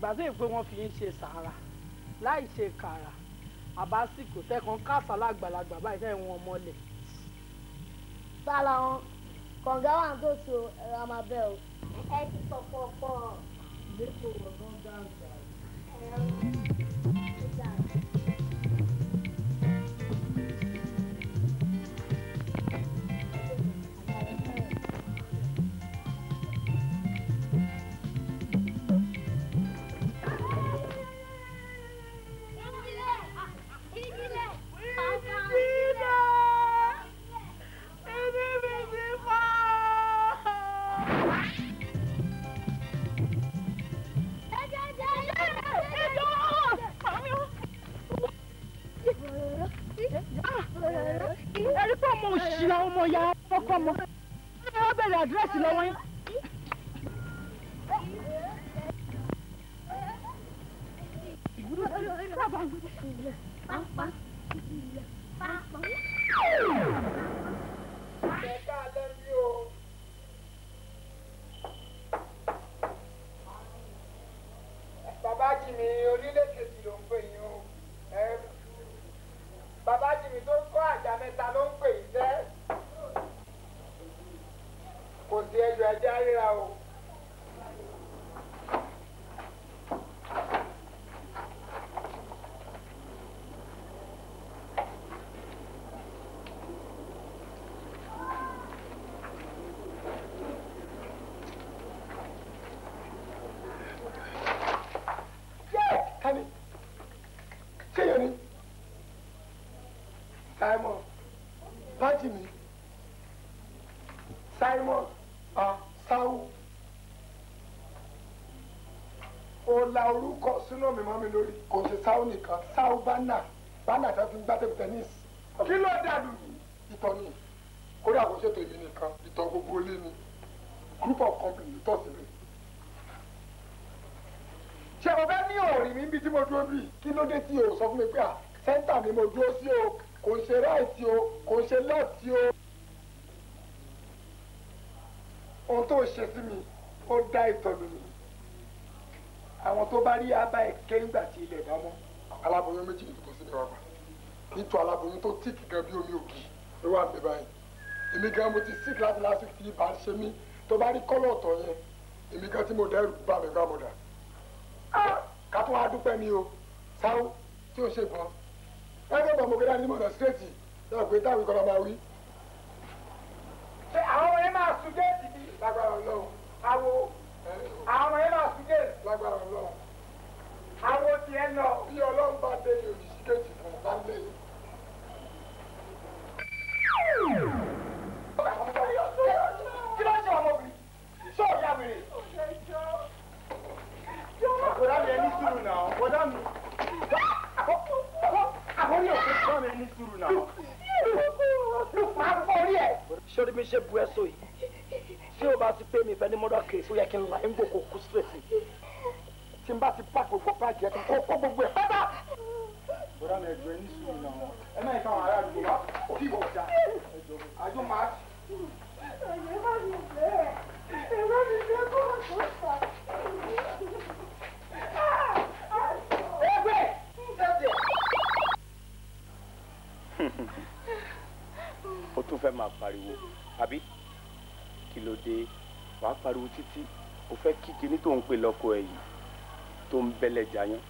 gbàdé pé wọ́n fi ń ṣe sàárà láì ṣe kàrà àbásìkò tẹ́kan káàsà lágbàlagbà báyìí tẹ́ wọn mọ́lẹ̀. bala wọn kọ̀ǹgá wà tó so ẹ̀rọ amabẹ́ o ẹ ti pọ̀pọ̀ pọ̀. lẹ́kọ̀ọ́ ọ̀gá ń gbà. ẹ̀rọ ń gbà. la orúkọ súná mi mọ́ mi lórí kò ṣe sáwó nìkan sáwó bánà bánà tó fi ń gbá tẹ̀bù tẹ́nísì kí ló dàlù yìí ìtọ́ ni kódà kò ṣètò èmi nìkan ìtọ́ gbogbo ilé ni group of company ìtọ́ síbẹ̀ ṣé mo fẹ́ ní òòrì mi níbi tí mo dúró bì kí ló dé tí o sọ fún mi pé à sẹ́ńtà mi mo dúró sí o kò ṣe ráìtì o kò ṣe lẹ́ẹ̀tì o. ohun tó ṣe sí mi ó dá ìtọ́nu mi àwọn tó bá rí abá ẹ kẹ́ńgbà tí ilẹ̀ bá mọ́. aláboyún méjì ni kò sí ní wàá gbà nítò aláboyún tó tíìkì gan bí omi ògì ló wà bẹ́ẹ̀ báyìí èmi gan mo ti sick láti lásìkò tí ibà ń ṣe mí tó bá rí kọ́lọ̀ ọ̀tọ̀ yẹn èmi gan tí mo dẹ́rù bá mi bá mo dà. Ah, ká tún dúpẹ́ mi o sáwó tí ò ṣe bọ́ ẹgbẹ́ bọ̀ mo gbé dání mọ̀nà síréètì náà gbé táwọn ìkọlọ́ máa wí. ṣé àwọn ọmọ yẹn lágbára ọlọ́run. àwọn tiẹ̀ lọ. bí ọlọ́run bá dé ní òjijì kejì fún un bá dé. kí ló ń ṣe ọmọbìnrin sọ ìyá mi rè. bọ̀dá mi ẹ ní sùúrù náà bọ̀dá mi. àkórí òfin bọ̀dá mi ẹ ní sùúrù náà. máa fọ orí ẹ. sori mi ṣe bu ẹ so yìí tí o bá ti pé mi fẹ́ ní mọ́dọ̀ kiri fún yẹ kí n la ń gbòkó kú sílẹ̀ sí i tí n bá ti pa gbogbo páàkì ẹ̀ kó kó gbogbo ẹ̀ pátá. bọ́dà mi ẹ̀jọ̀ ẹ̀ ní sùúrù náà ẹ náà ìfọwọ́n ará àdúgbò wa kò kí ìwọ ọ̀dà àjọ máa ẹ̀yẹ́ bá mi bẹ́ẹ̀ ẹ̀yẹ́ bá mi bẹ́ẹ̀ kó àtúntà. ẹgbẹ́ ẹgbẹ́. ó tún fẹ́ máa pariwo àbí kí ló dé wàá pariwo títí o fẹ́ kí tó ń pè lọ́kọ ẹ̀ tó ń bẹ́lẹ̀ jàyàn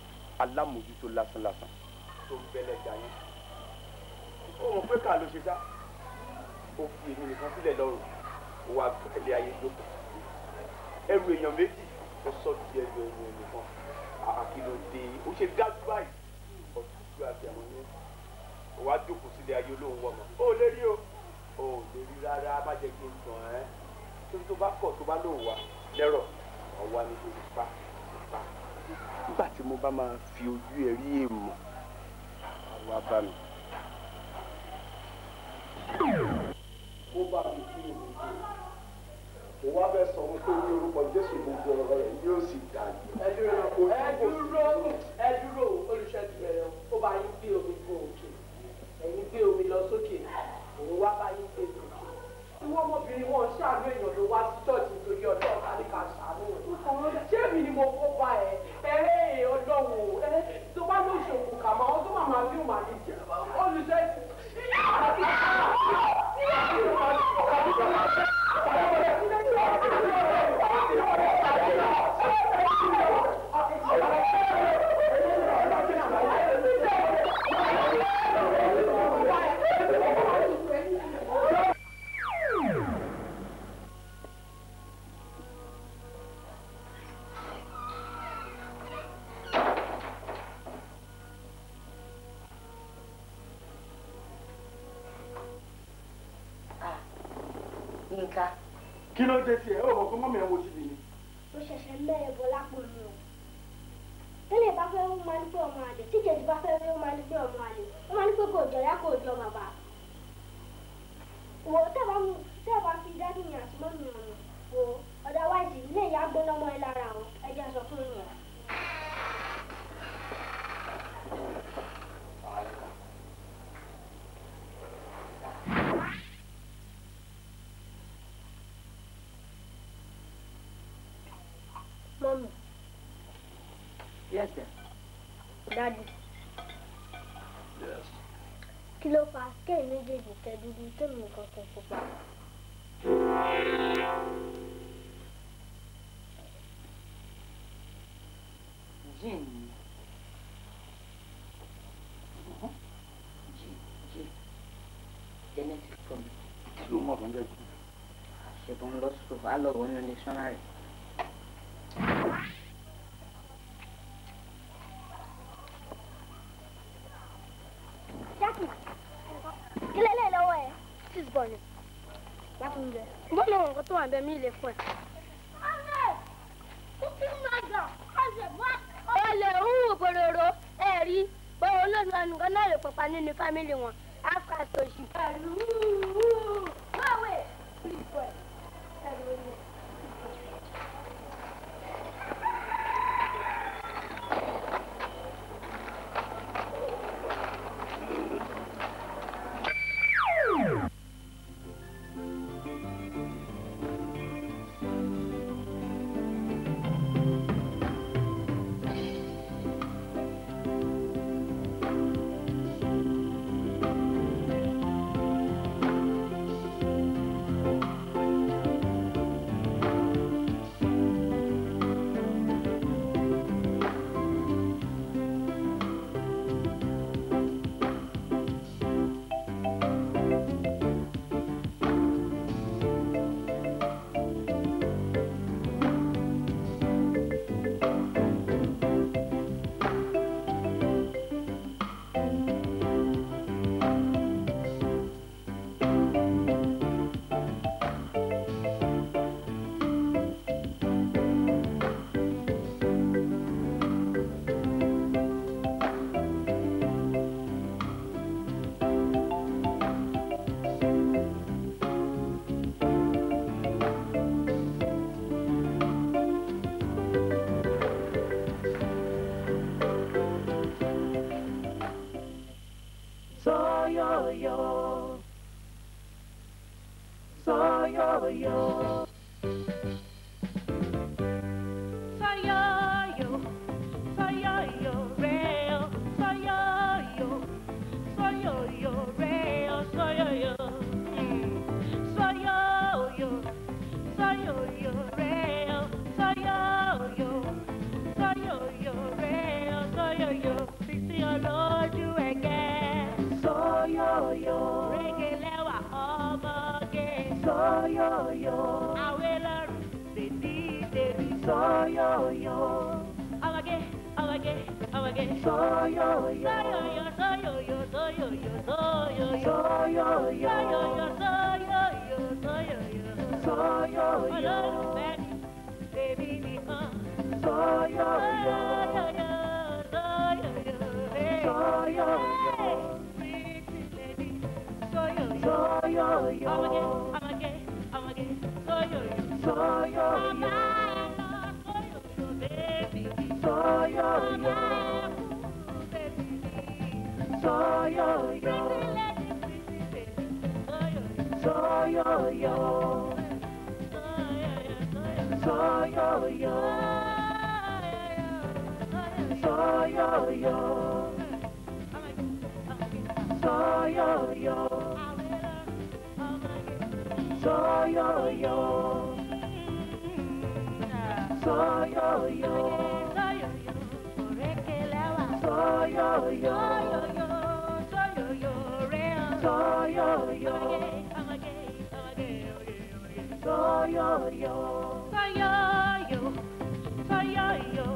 alámòjútó lásán lásán tó ń bẹ́lẹ̀ jàyàn. ó mọ̀ pé ká ló ṣe sá ó fi èmi nìkan sílẹ̀ lọ́rùn ó wá gbẹ̀lẹ̀ ayé lóko ẹrù èèyàn méjì ó sọ di ẹrù ẹrù ẹ̀mí kan àkìlọ̀ dé ó ṣe dájú báyìí ọ̀dọ́ ju àti àwọn yẹn ó wá jókòó sílẹ̀ ayé olóhùn wọ̀ mọ́ ó lérí o ó lérí rárá má jẹ́ kí n tàn ẹ́ tó bá kọ̀ tó bá lò wá lẹ́rọ̀ ọ̀wá ní gbogbo pa nígbà tí mo bá máa fi ojú ẹ rí èèmọ̀ wá bá mi. ó bá mi kí ni mo wá fẹ́ sọ wípé ní orúkọ Jésù gbogbo ọ̀rọ̀ rẹ̀ yóò sì dà ní. ẹ dúró ẹ dúró ẹ dúró olùṣẹ́jú bẹ̀rẹ̀ ó bá yín gbé omi kó òkè ẹ̀yin gbé omi lọ sókè òun wá bá yín gbé omi kó. ìwọ ọmọbìnrin wọn ṣàánú èèyàn ló wá sí ṣọ́ọ̀ṣì nítorí ọjọ́ ọ̀tá ní ká ṣàánú rẹ̀. ṣé èmi ni mo kó bá ẹ? ẹ̀rẹ́ ọlọ́wọ́ ẹ tó bá lóṣogbo kàmá ọdún màmá bí ó máa ní jẹ olùṣẹ́. Mom. Yes, sir. Daddy. Yes. Kí ló fà kẹ́ méjèèjì tẹ dúdú tẹ́mi nǹkan kan pupa? Jìn Jìn Genetic problem. Kí mọ̀ fún jẹ́ jìn? Àṣetò ń lọ sùn, á lọ abẹ mi lè fún ẹ. ó lè hùwù bòròrò ẹ̀rí bọ́ọ̀ olóògbé nìkan náà lè pọ̀pá nínú fámìlì wọn. yo. Awela Didi Didi so yo yo. Awage awage awage so yo yo. So yo yo so yo yo so yo yo so yo yo so yo yo so yo yo. Baby, yo yo, So yo yo. So yo yo. So yo yo. So yo yo yo yo yo yo soy yo, yo. Soy yo, yo. Soy yo, yo. Soy yo, yo. Soy yo, yo. Soy yo, yo. Soy yo, yo.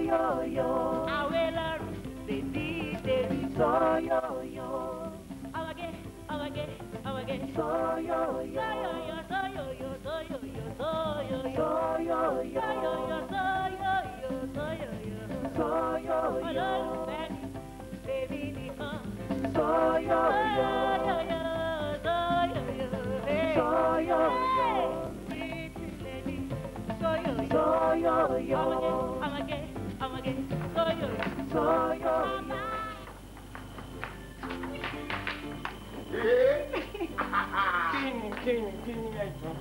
yo-yo-yo. Àwẹ̀lọ́rùn dèdí dèrí. Sọ-yo-yo. Ọ̀wọ̀gẹ̀ ọ̀wọ̀gẹ̀ ọ̀wọ̀gẹ̀. Sọ-yo-yo. Sọ-yo-yo sọ-yo-yo sọ-yo-yo sọ-yo-yo. Sọ-yo-yo. Sọ-yo-yo sọ-yo-yo sọ-yo-yo. Sọ-yo-yo. yo yo, mi, yo, yo so nìkan. Sọ-yo-yo. Sọ-yo-yo sọ-yo-yo. Sọ-yo-yo. Sọ-yo-yo. Sọ-yo-yo. Ọ̀wọ̀gẹ̀ ọ̀wọ̀gẹ̀. ọmọge sóyò sóyò kíni kíni kíni ẹ̀jọ̀.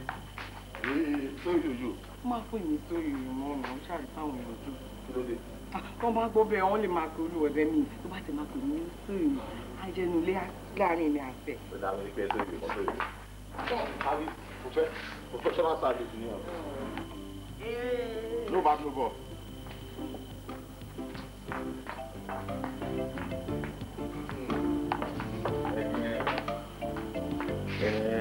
sóyòyò. máa pè mí sóyòyò mọ́ ọ̀nà ṣáà táwọn èèyàn tó. kí ló dé. wọ́n bá gbọ́ bẹ́ẹ̀ wọ́n lè máa pe olúwọ̀dẹ́ mi tó bá ti máa pè mí sóyòyò ajẹnulé láàrin ilé àfẹ. ọ̀dà àwọn ìpẹ́ sóyòyò kan sóyòyò. àbí professional service ni ọ̀. no bad no ball. Yeah.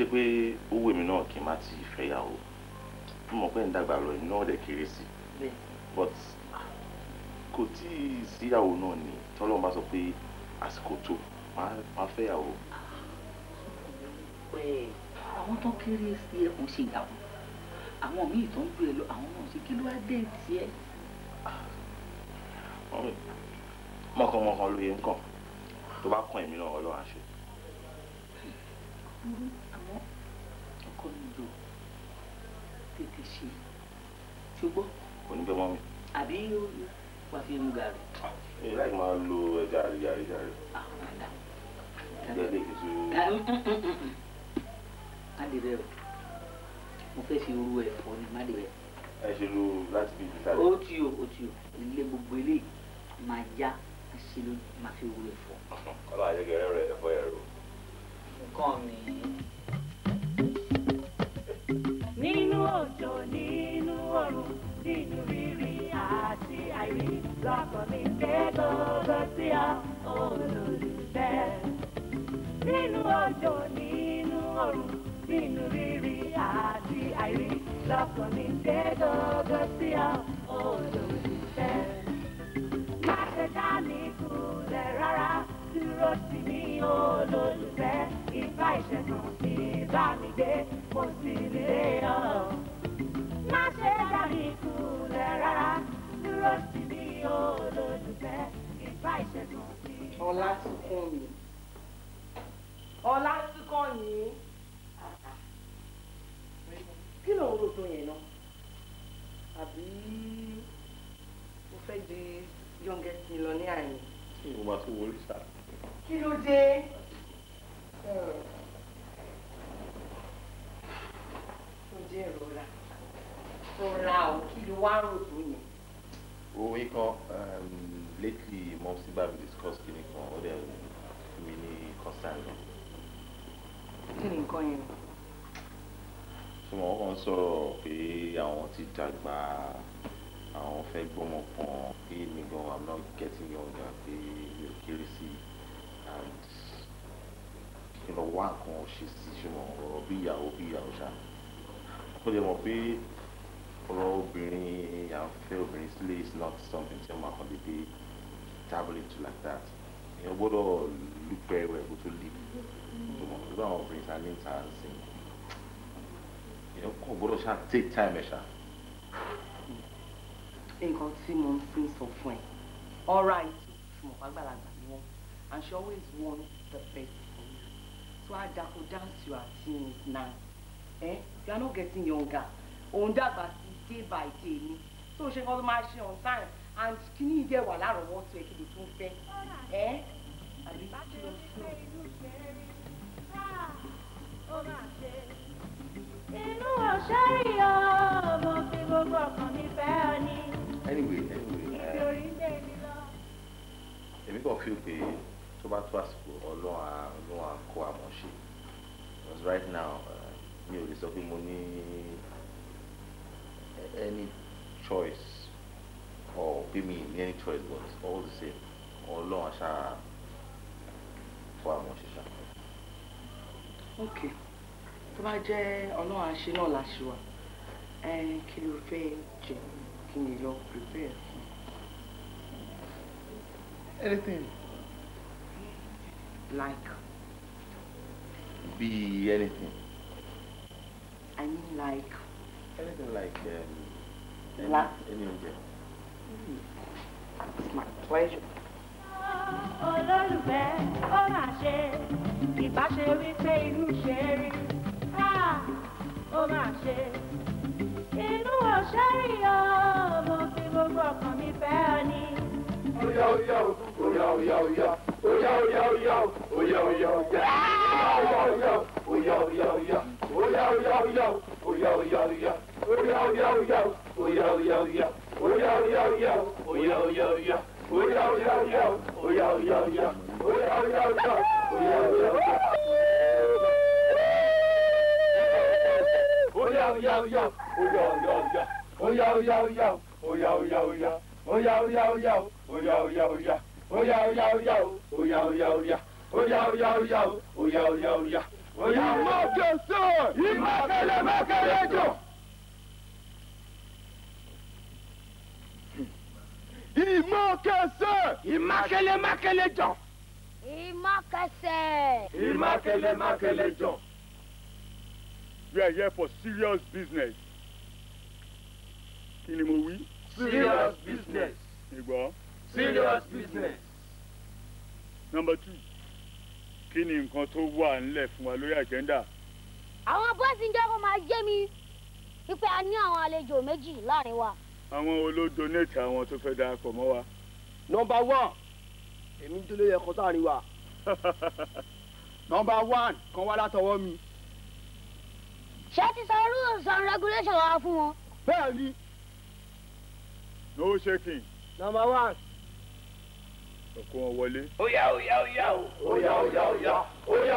ṣe pé owó èmi náà kì í má ti fẹ́yàwó mo mọ̀ pé ń lọ èmi náà kéré sí but kò tí ì síyàwó náà ni tọ́lọ́run bá sọ pé àsìkò tó máa fẹ́yàwó. àwọn tó kéré sí ẹ ṣe ìyàwó àwọn míì tó ń gbé e lọ àwọn náà ṣe kí ló wá dé tiẹ̀. mọ̀kànmọ̀kàn ló yẹ ń kàn tó bá kàn èmi náà ọlọ́run á Mm-hmm. ṣe ṣùgbọ́n. kò ní bẹ́ẹ̀ mọ́ mi. àbí wàá fi mu gàrí. èyí láì máa lo ẹja rẹ jàre jàre. ìgbà ilé kìí tún. má dé bẹ́ẹ̀ o mo fẹ́ fi ru ẹ̀fọ́ ni má dé bẹ́ẹ̀. ẹ ṣe lu láti bí ìdílé. ó ti o ó ti o ilé gbogbo eléyìí máa já ṣe ló máa fi ru ẹ̀fọ́. ọlọ́run àjẹgẹrẹ rẹ ẹ̀fọ́ yẹn rò. nǹkan mi. òjò nínú ọ̀run nínú rírí àti àìrí lọ́kàn mi jẹ́ dọ́gọ́sí àwọn. sọ̀rọ̀ pé àwọn ti dàgbà àwọn fẹ́ gbọ́mọ pọ̀n pé mi gan i'm not getting younger pé mi ò kéré sí i and kí lọ wá nǹkan ṣe sí ṣùgbọ́n ọ̀rọ̀ bí ìyàwó bí ìyàwó ṣá ó lè mọ̀ pé ọ̀rọ̀ obìnrin à ń fẹ́ obìnrin sílé is not something tí wọ́n máa kàn dédé travel to like that èèyàn gbọ́dọ̀ lùpẹ̀ rẹ̀ kó tó lè tó mọ̀ nígbà àwọn obìnrin ta ní ìta ń sìn o gbọ́dọ̀ ṣá take time ẹ̀ ṣá. nǹkan tí mo fi ń sọ fún ẹ ọ̀rá ìtú tí mo fàgbàlagbà ni wọn and she always want the best for you so adako dance your teens now eh? you are not getting younger òun dàgbà sí day by day ni so ṣe kọ́ ló máa ṣe on time and kìíní ìdẹ̀ wà lárọ̀ọ́wọ́tò ẹ̀ kí lè tún fẹ́ ẹ́ eh? àbí kí ló fún un anyway anyway ibi eh, orí gbé mi lọ. èmi kàn feel pé tó bá tó àsìkò ọlọ́wà ọlọ́wà kó àmọ́ ṣe because right now eh, mi ò lè sọ pé mo ní eh, any choice or pé me? ní any choice but all the same ọlọ́wà ṣáà kó àmọ́ ṣe ṣáà. okay. tó my no, i ọlọ́run àṣẹ náà láṣẹ wa kí ló fẹ́ jẹ kí ni lọ prepare fún. anything. like. be anything. I mean like. anything like. Um, any, La any oúnjẹ. Mm. it's my pleasure. Oh, oh olólùfẹ́ ó mà ṣe ìbáṣe wípé inú ṣe rí. ọ̀tá ó mà ṣe inú òṣèré yọ mo fi gbogbo ọkàn mi fẹ́ ọ ni. ó yá ó yá ó yá ó yá ó yá wà nílẹ̀ fún wa lórí àjẹ́ndà. àwọn bọ́ọ̀sì ń jẹ́kọ̀ọ́ máa jẹ́ mi wípé a ní àwọn àlejò méjì láàrin wa. àwọn olódo nẹ́ẹ̀tì àwọn tó fẹ́ darapọ̀ mọ́ wa. nọ́mbà wán èmi tó ló yẹ sáàrin wa. nọ́mbà wán kan wá látọwọ́ mi. ṣé ti sọ rules and regulations wa fún wọn. bẹ́ẹ̀ ni. no shaking. nọ́mbà wán. ọkọ wọn wọlé. ó yá ó yá ó yá ó yá ó yá ó yá.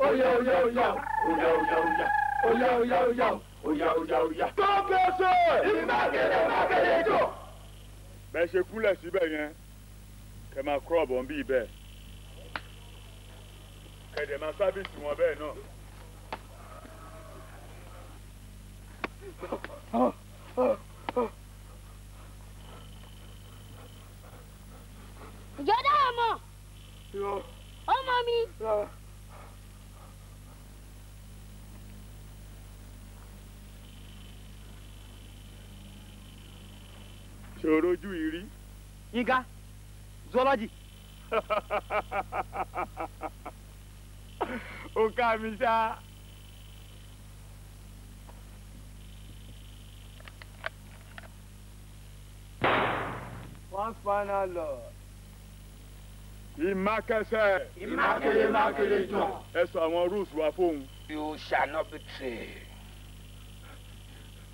Oya oya oya oya oya oya oya oya oya oya oya oya. Kọ́pẹ́sẹ̀. Ìmákẹ́lẹ́ mákẹ́lẹ́ jọ. Bẹ́ẹ̀ ṣe kúnlẹ̀ síbẹ̀ yẹn, kẹ́ máa kúrọ̀ bọ̀ ń bí bẹ́ẹ̀. Kẹ̀dẹ̀ máa sábìsì wọn bẹ́ẹ̀ náà. Oh, oh, oh. Ìjọba ọmọ. Ọmọ Yeah. ṣòro ojú ìrí. yínká zoology. ó ká mi ṣá. one final law. ìmákẹsẹ̀. ìmákẹlẹ ìmákẹlẹ jọ. ẹ sọ àwọn rules wá fóun. you shall not betray.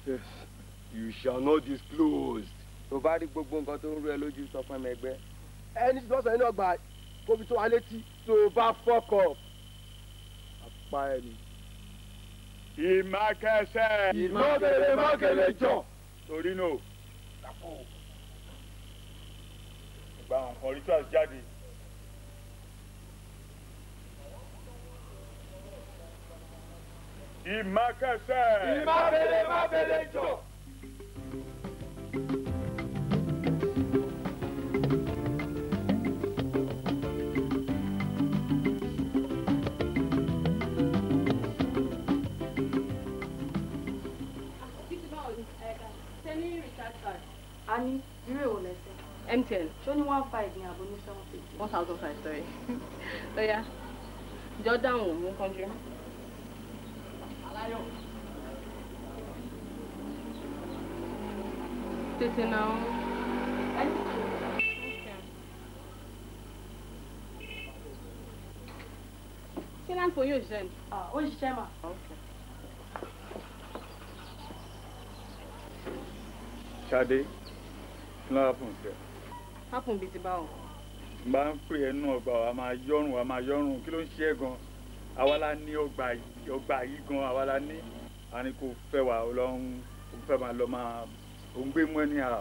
yes you shall not disclose tó bá rí gbogbo nǹkan tó ń rú ẹ lójú sọ fún ẹmẹ ẹgbẹ. ẹni tí lọ́sàn-án náà gbà kóbi tó wá létí tó bá fọ́kọ̀ apá ẹ̀ nìyí ìmákẹsẹ. mọ̀kẹlẹ̀ jọ. torí nù. ìgbà nǹkan rituals jáde. ìmákẹsẹ. ìmọ̀bẹ̀rẹ̀ mọ̀kẹlẹ̀ jọ. ní recharge card a ní irú èwo lẹ́sẹ̀. mtn. ṣó ní one five ní àbò ní seven fifty. one thousand five sorry. lọ́yà jọ dáhùn mú kánjú. aláyọ̀. tètè náà. ẹni tó. kí láǹpọ̀ yóò ṣiṣẹ́ ni. Ah, ó ṣiṣẹ́ mà. ok. Ṣadé kí ló happen sí ẹ. happen bíi ti báwo. bá ń pè ẹ́ nù ọgbà wa máa yọrùn wa máa yọrùn kí ló ń ṣe ẹ́ gan àwa la ní ọgbà yìí gan àwa la ní àní kò fẹ́ wà ó lọ ń fẹ́ máa lọ máa ò ń gbé mú ẹ ní ara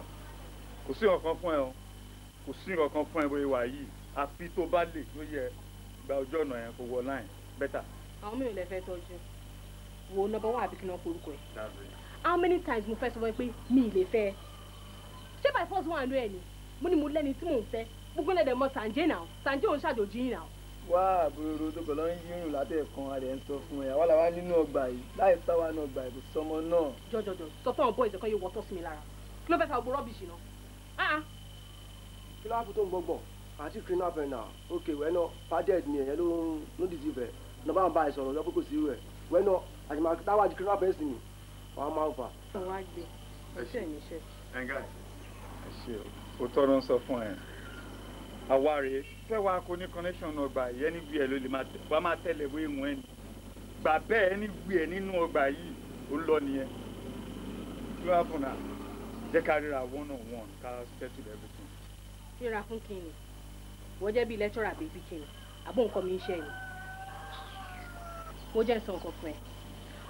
kò sí nǹkan fún ẹ o kò sí nǹkan fún ẹ bó ìwà yìí àfi tó bá lè tó yẹ gba ojú ọ̀nà yẹn kó wọ láì bẹ́tà. àwọn mélòó lè fẹ́ tọ́jú wo nọ́bọ̀ wà àbí náà porúkọ ẹ̀ how many times mo fẹ́ sọ fún ẹ pé mi ì lè fẹ́ ẹ ṣé by force wà ló ẹ ni mo ní mo lẹ́ni tí mò ń fẹ́ gbogbo ẹ̀dẹ̀ mọ sàǹjẹ́ náà sàǹjẹ́ òun ṣàjòjì yìí náà. wá àbúrò tó kọ̀ lọ́n yí rùn látẹ̀kan adẹ̀ ń sọ fún ẹ àwa làwa nínú ọgbà yìí láì sáwa náà ọgbà yìí kò sọmọ náà. jọjọjọ sọ fún àwọn bọ́ọ̀sì kan yóò wọ́tọ́ sí mi lára kí ló fẹ́ fa gbogbo rọ́bìṣì náà. Ah, ah. kí ló wá kó tó ń gbọ́gbọ̀ àti criminal penal ok wẹ́nà padded ni ẹ̀yẹ́ ló ń ló dìtì bẹ̀ nọ́bàbà ìsọ̀rọ̀ lọ́pọ̀ kò sí rẹ̀ wẹ́nà àjùmọ̀ táwa di criminal wọn máa fà. sọ wá gbé ẹṣẹ níṣẹ. ẹnga ẹ ṣe o tọ́ ló ń sọ fún ẹ àwa rèé tẹ́wàá kò ní connection ọgbà yìí ẹni gbé ẹ ló lè wá máa tẹ̀lé wé ìwọ̀n ẹni gbà bẹ́ẹ̀ ẹni gbé ẹ nínú ọgbà yìí ó lọ nìyẹn kí wàá fún náà jẹ́ ká ríra one on one ká settle everything. ríra fún kínní wọ́n jẹ́ bíi lẹ́tọ́rà bèbí kínní àbó nǹkan mi ń ṣe ni wọ́n jẹ́ sọ nǹkan fún ẹ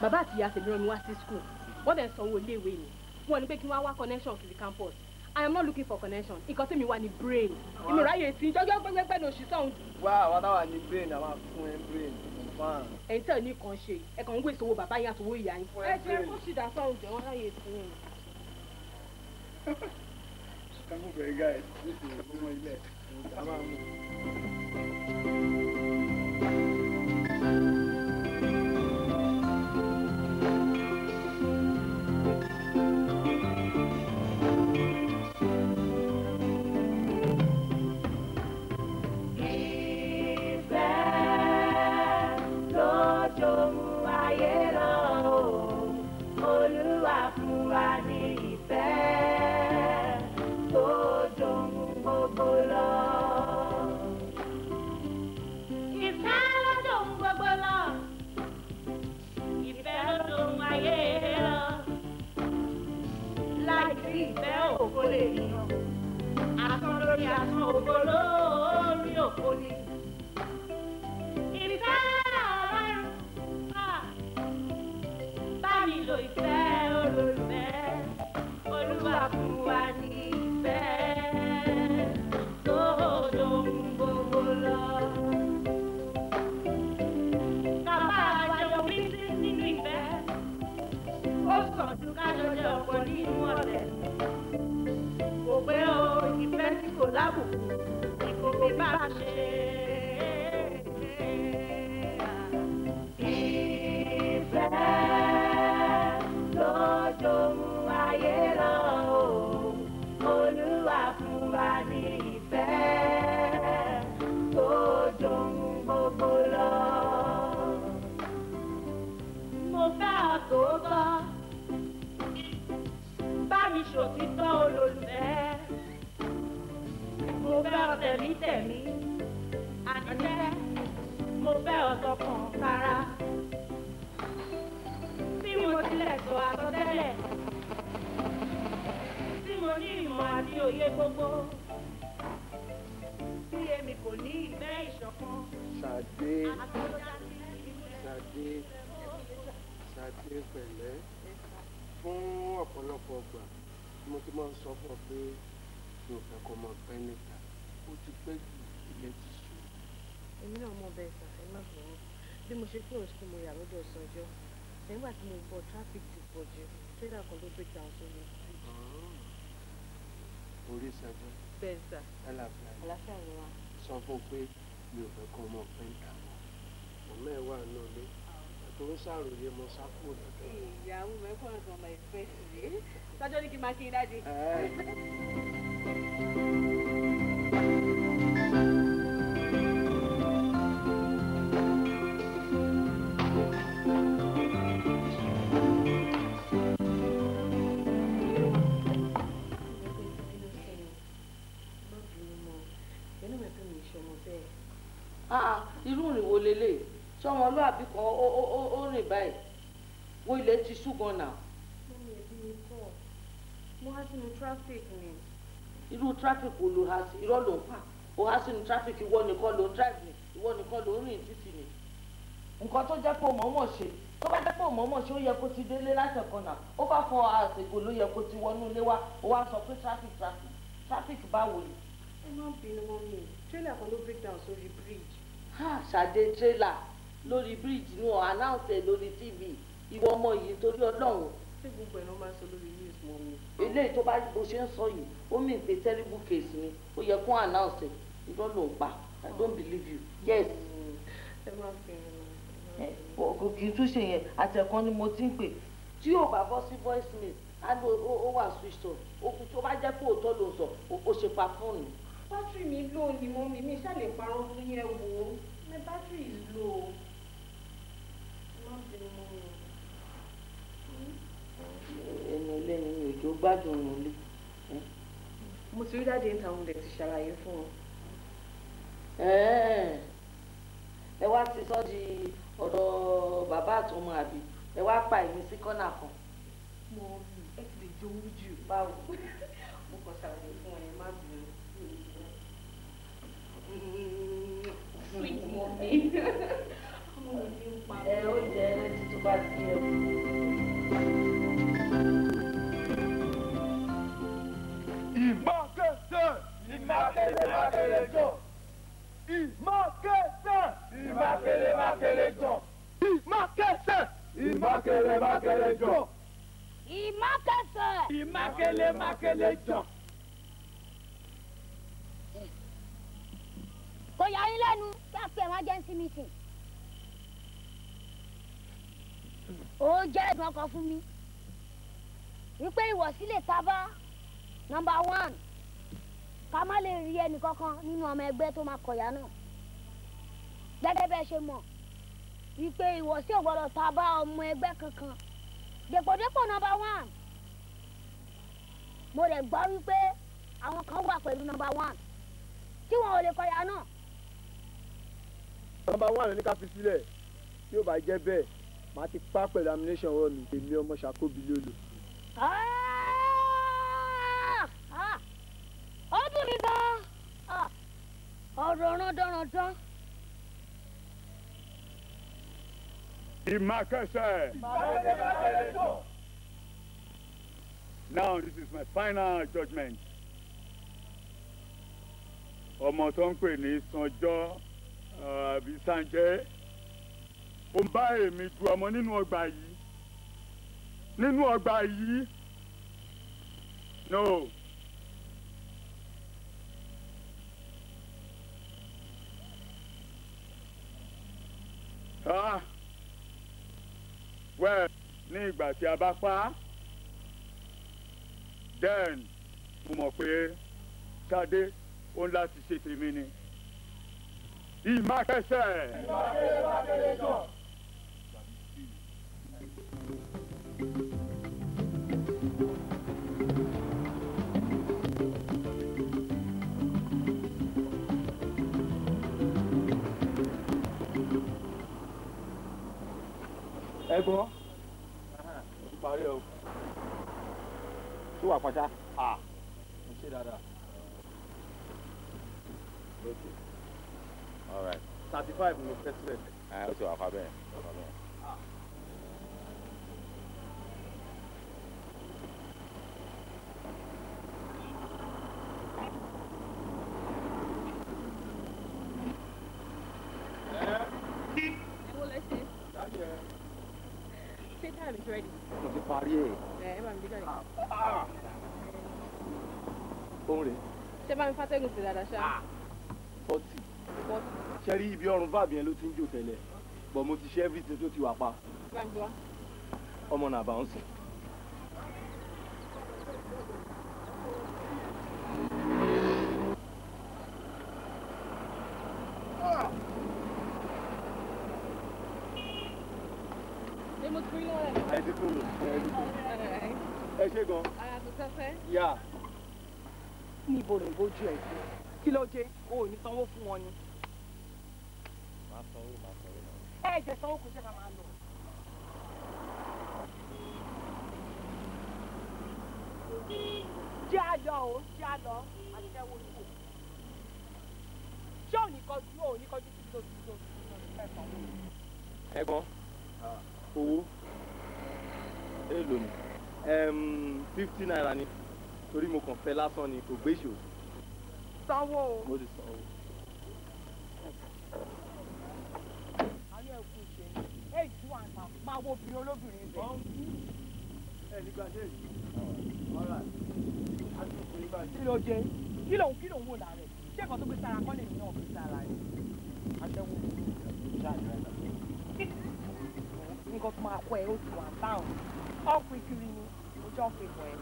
bàbá àti ìyá tèmi rán wá sí school wọ́n dẹ̀ sanwó iléèwé mi wọ́n ní pé kí wọ́n wá connection to the campus I am not looking for connection nǹkan tí mi wà ní brain èmi ráyè sí jọjọ pẹpẹpẹ ní oṣù sọhún. wá àwa táwa ní brain àwa fún ẹ brain fan. ẹ̀yin tẹ̀ ní kan ṣe ẹ kàn ń gbèsè owó bàbá yín àtòwó ìyá yín. ẹ jẹ́ kó ṣì dá sọ́hún jẹ́ wọ́n ráyè sí i. ṣàkóso ẹ̀ guys ní ìṣòro ọmọ ilẹ̀ àmàmù. nígbà tí mo bọ̀ traffic ti pọ̀ jù trailer kan ló break down sórí street. Ah, orí sẹ́jọ́. bẹ́ẹ̀ sà. àlàáfíà ni àlàáfíà ni wa. sọ fún pé mi ò fẹ́ kọ́ ọmọ pẹ́ ń ta wọn màmá ẹ̀ wà náà lé tó ń ṣàròyé mo sá kúrò lọ́dọ̀. ìyàwó mẹ́fọ́ ọ̀sán ọmọ ìfẹ́ sí i lọ́jọ́ ní kí n máa kí n dájú. wo leléyìí sọmọlúàbí kan ó rìn báyìí wo ilẹ̀ ti ṣú gan náà. mo lè bí mi kọ́ mo há sínú traffic ni. irú traffic wo ló há sí irọ́ ló ń pa ó há sínú traffic ìwọ nìkan ló ń drive ni ìwọ nìkan ló ń rìn títì ni. nǹkan tó jẹ́ pé o mọ̀ọ́mọ̀ ṣe tó bá jẹ́ pé o mọ̀ọ́mọ̀ ṣe ó yẹ kó ti délé láti ẹ̀kan náà ó bá fọ àsìkò ló yẹ kó ti wọnú ilé wa ó wá sọ pé traffic traffic traffic báwo ni. ẹ má bínú mọ́ mi tírélà kan ló break down sórí bridge ṣàdé tírélà lórí bíríìjì ní ọ̀ announce lórí tv ìwọ ọmọ yìí torí ọlọ́run. ṣé gbogbo ẹ̀ máa ń sọ lórí news mọ́ mi. eléyìí tó bá bó ṣe ń sọ yìí ó mì pé terrible case ni ó yẹ kó announce irọ́ ló ń pa i don't believe you yes. ẹ kì í tún ṣe yẹn àtẹ̀kọ́ ni mo ti ń pè tí yóò bá bọ́ sí voice mail á lọ ó wà switch off okùn tó bá jẹ́ kó òótọ́ ló ń sọ ó ṣe pa fóònù bátìrì mi lò ní mọ́ mi mi ṣáà lè parọ́ fún yẹn wò ó my battery is low má bínú mọ́ mi. ẹnu lẹ́nu mi ò jó gbádùn òun lé. mo ti rí dáadé níta mo dẹ̀ ti ṣàlàyé fún un. ẹ wá ti sọ di ọ̀dọ̀ bàbá àtọmọ àbí ẹ wá pa èmi sí kọ́nà kan. mo ẹ ti lè jowú jù báwo. muito morrer. é o Janet do Batista. Embarcação! Embarcação! Embarcação! Embarcação! Embarcação! Embarcação! Embarcação! Embarcação! Embarcação! Embarcação! Embarcação! kò yà yín lẹ́nu kí a pe emergency meeting. ó jẹ́ ẹ̀dùn ọkọ̀ fún mi wípé ìwọ̀sílẹ̀ tábà nọ́mbà one ká má lè rí ẹnì kankan nínú ọmọ ẹgbẹ́ tó máa kọ̀yà náà gẹ́gẹ́ bẹ́ẹ̀ ṣe mọ̀ wípé ìwọ̀sí ò gbọ́dọ̀ tábà ọmọ ẹgbẹ́ kankan dèpòdépò nọ́mbà one mo rẹ̀ gbọ́ wípé àwọn kan wà pẹ̀lú nọ́mbà one tí wọn ò lè kọ̀yà náà nọ́mbà one ní ká fi sílẹ̀ tí ó bá jẹ́ bẹ́ẹ̀ màá ti pa pẹ̀lú ammunition wọ́n mi èmi ọmọ ṣàkóbi lólo. ó ah! ah! dùn mí gan-an ah! ọ̀rọ̀ rándanrandan. Imakese. Now this is my final judgment. Ọmọ tó ń pè ní Sanjọ́ àbí sànjẹ́ ó ń bá èmi du ọmọ nínú ọgbà yìí nínú ọgbà yìí no. Ah, well, ní ìgbà tí a bá pa á then mo mọ̀ pé Tádé ó ń láti ṣe tèmi ni ìmákẹ́sẹ̀. ẹ gbọ́ parí o tí wà pátá. ah mo ṣe Okay thirty five ni president. ẹ ó ti wà fà ah. fà bẹ́ẹ̀. ṣe bá mi fàtẹ́gùn sí dáadáa ah. forty. forty ṣe rí ibi ọrùn bàbí yẹn ló ti ń jò tẹ́lẹ̀ but mo ti ṣe everything tó ti wà pa ọmọ nàbà ń sìn. ẹ ṣe gan. ara tó sẹ́fẹ́. yà. níbo lè bójú ẹ̀ sí kí ló dé o ò ní sanwó fún wọn ni. láì jẹ sanwó kò jẹ́ ká máa lọ. jẹ́ àlọ́ o jẹ́ àlọ́ àtẹ́wò ìwò ṣé òní kọjú òní kọjú sí ìdòdò ìdòdò ìdòdò ẹ̀gbọ́n owó èlò ni fifty naira ni torí mo kàn fẹ́ lásán ni kò gbé ìṣòro. sanwó o. mo ti sanwó. máa wo obìnrin olóbìnrin bẹ̀. kí ló jẹ kí ló kí ló ń wò lára ẹ ṣé ẹ̀kọ́ tó gbé sára kọ́ lè ní ọ̀gbìn sára ẹ. aṣẹ́wó nǹkan tó máa kọ ẹ ó ti wà báwọn ọkùnrin kiri ni ojú ọkùnrin kọ ẹ.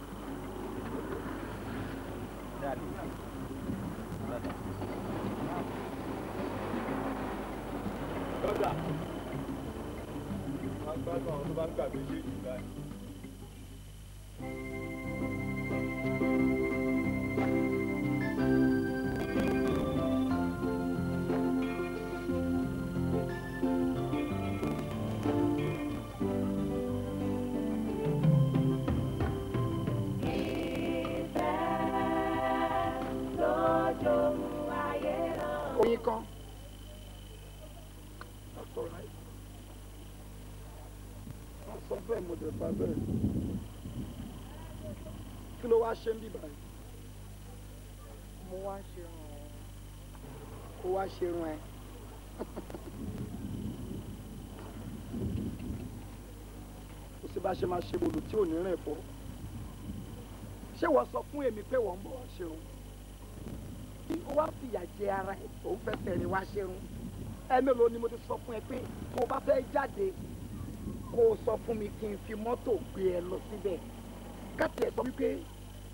Brother bá tó àwọn tó bá gbàgbé yé jù báyìí. mo dẹ̀ bá bẹ́ẹ̀ kí ló wá ṣe ń bíbá yìí. mo wá ṣe ràn ẹ́. kó wá ṣe ràn ẹ́. kò sí bá ṣe máa ṣe bòlù tí ò ní rìn bọ́ ṣé wọ́n sọ fún èmi pé wọ́n ń bọ̀ wá ṣeun ó wá fìyà jẹ ara ẹ̀ òun fẹ́ tẹ̀lé wá ṣeun ẹ mélòó ni mo ti sọ fún ẹ pé tó o bá fẹ́ jáde kó o sọ fún mi kí n fi mọ́tò gbé ẹ lọ síbẹ̀ káàtì ẹ̀ sọ wípé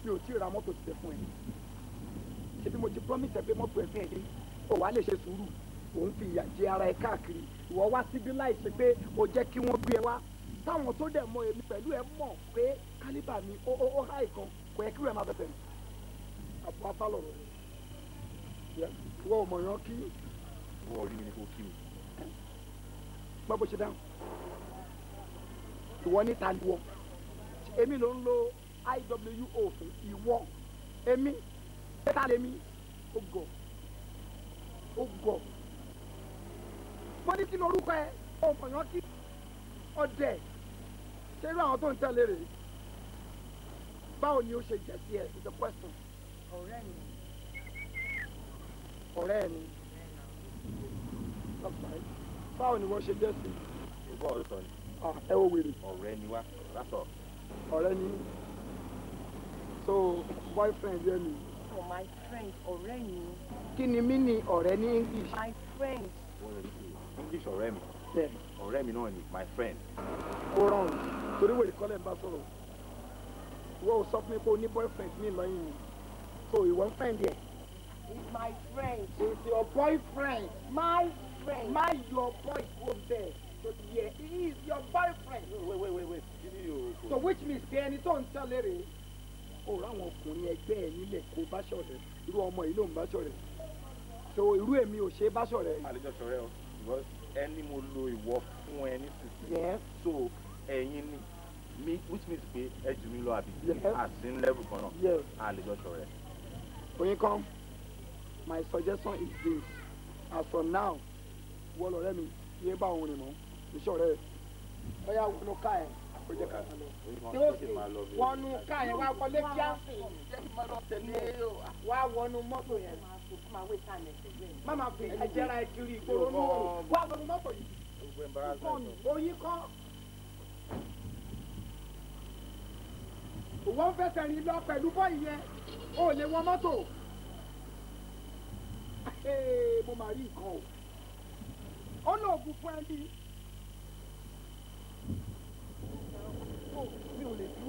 mi ò tí ì ra mọ́tò tẹ̀ fún ẹ ṣe bí mo ti promise ẹ pé mọ́tò ẹ fún ẹ dé o wàá lè ṣe sùúrù òun fi ìyà jẹ ara ẹ káàkiri ìwọ wá síbi láì pé o jẹ́ kí wọ́n gbé ẹ wá táwọn tó dẹ̀ mọ èmi pẹ̀lú ẹ mọ̀ pé kálíbà mi ó ó ó háì kan kò yẹ kí rẹ̀ máa bẹ̀bẹ̀ àpò afálọ̀rọ̀ wọ́n ò mọ̀ yàn kí. wọ́n ò rí mi ní kó kí mi. gbọ́ bó ṣe dáhùn ìwọ níta ni wọ èmi ló ń lo iwo fún ìwọ èmi níta lèmi ó gọ ó gọ mo ní kí lorúkọ ẹ ọmọọyàn kí ọdẹ ṣé irú àwọn tó ń tẹ̀lé rèé báwo ni ó ṣe jẹ́ sí ẹ is the question. ọ̀rẹ́ mi. ọ̀rẹ́ mi. báwo ni wọ́n ṣe jẹ́ sí. ìbọn ọ̀sán ni. Ah, ẹ wo wèrè. ọ̀rẹ́ ni wá látọ̀. ọ̀rẹ́ ni so boyfriend yẹn mi. oh my friend ọ̀rẹ́ ni. kí ni mí ni ọ̀rẹ́ ní english. my friend. english ọ̀rẹ́ mi. ọ̀rẹ́ mi náà ni my friend. ó rán o torí wèrè kọ́lẹ̀ ń bá sọ̀rọ̀ wọ́n ò sọ fún mi pé o ní boyfriend mi lọ́yìn o so ìwọ ń fẹ́ǹdì ẹ̀. He's my friend. He's your boyfriend. my friend. my your boy go there tó ti yẹ he is your boyfriend. wait wait wait wait kí ni o. so which means pé ẹni tó ń tẹ́lẹ̀ rè é o ráwọn ọkùnrin ẹgbẹ́ ẹ nílẹ̀ kó bá ṣọ̀rẹ́ irú ọmọ yìí ló ń bá ṣọ̀rẹ́ so irú èmi ò ṣe bá ṣọ̀rẹ́. àlejò ṣọ̀rẹ́ o because ẹni mo lo ìwọ fún ẹ nísinsìnyí so ẹ̀yin ni mi which means pé ẹ jù mí lọ àbí àsín level kan náà àlejò ṣọ̀rẹ́. oyin kan my suggestion is this as from now wọ́n lọ rẹ́ mi yé bá òun rìn mọ́ ìṣọ̀rẹ́ ẹ̀ ọ̀yà wọnú ká ẹ̀ kó ká ẹ̀ lọ. sì wọnú ká ẹ̀ wá wọlé kíá wá wọnú mọ́tò yẹn má fi ìjẹra ẹ kiri ìgboro ní òòrùn wá wọnú mọ́tò yìí oyin kọ́ wọ́n fẹsẹ̀ rìn lọ pẹ̀lú bọ́ọ̀lù yẹn ó lè wọ mọ́tò mo máa rí nǹkan o ó lóògùn fún ẹni.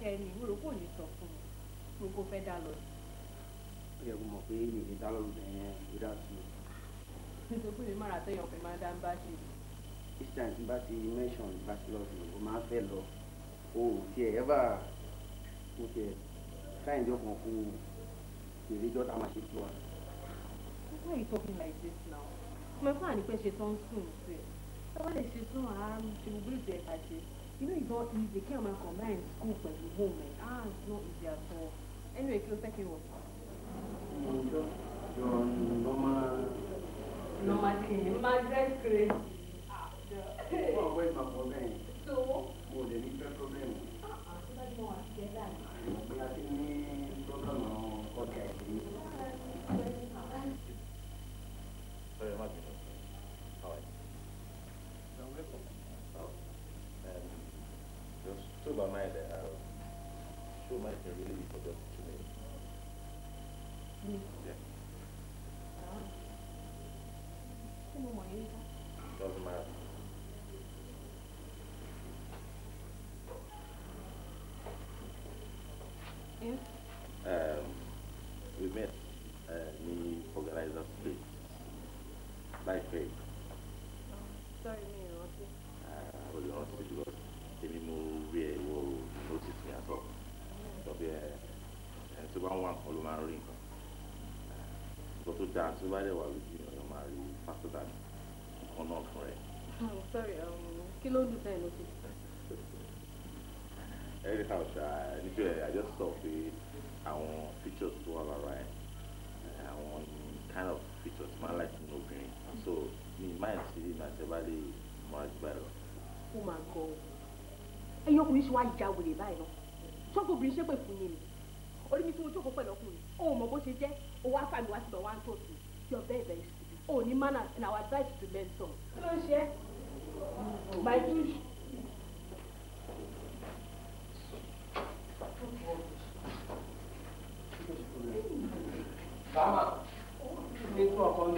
kẹ́ ni mo rò ní sọ fún mi mo kò fẹ́ dá lọ. ó yẹ kó mọ̀ pé mi ní dá lọ́rùn bẹ́ẹ̀ yẹn without you. nítorí mi mára tẹ́yàn pé máa dá ń bá ṣe. each time tí n bá ti mention bá ti lọ sí o máa fẹ́ lọ o ò tiẹ̀ ẹ́bà o tiẹ̀ káyìn jọ kàn fún èrè jọ tá a máa ṣe tó wa. why you talking like this now? mo fún ànípẹ́ ṣe tán sùn sí ẹ. tọ́wọ́ lè ṣe tán àá ṣe gbogbo ìgbẹ́ ẹ̀ka ṣe you know it's not easy kí ọmọ combine school pẹ̀lú home ẹ̀ eh? ah it's not easy at all anyway kí you. fẹ́ kí n wọ̀. ọjọ́ ọjọ́ normal. normal kìí máa dress crazy. wọ́n wẹ́ẹ̀ máa problem. so. mo lè ní fẹ́ problem. ah ah ṣé bá ti mọ we met eh, organizer space láìpẹ́ yìí. sọ́rí mi ìrántí. Ah, o lè rántí mi jùlọ èmi mo rí notice mi àtọ sọ pé ẹ tó bá ń wá nǹkan ló máa ń rí nǹkan ah, nǹkan tó dáa tó bá dẹ̀ wà lójú ìrìn máa rí pásítọ̀ hmm, sorry um, kí ló dùn bẹ́ẹ̀ notice. anyhow I just saw the àwọn features tó wà lára ẹ̀ àwọn kind of features máa like nínú obìnrin so mi máa ti rí màá tẹ́ bá lè múra jù báyìí lọ. ó máa gọ ọ ẹyin ọkùnrin ṣe wá ja wèrè báyìí lọ ṣọ́ọ̀bù obìnrin ṣépè fún yín ni orí mi tí mo jókòó pẹ̀lú ọkùnrin òun mọ̀ bó ṣe jẹ́ òun á fàmì wá síbẹ̀ wá ń tó sí your very very stupid òun ní manners and our advice to mentor. kí ló ń ṣe é? my tush. 干吗？没做好呢。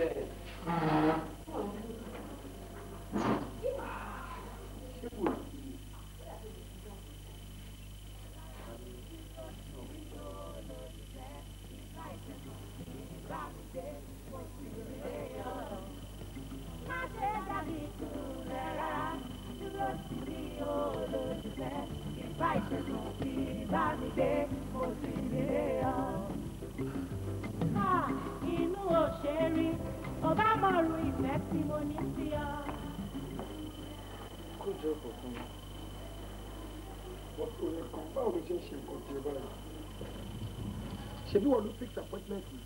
ṣebí wọ́n ló fix appointment mi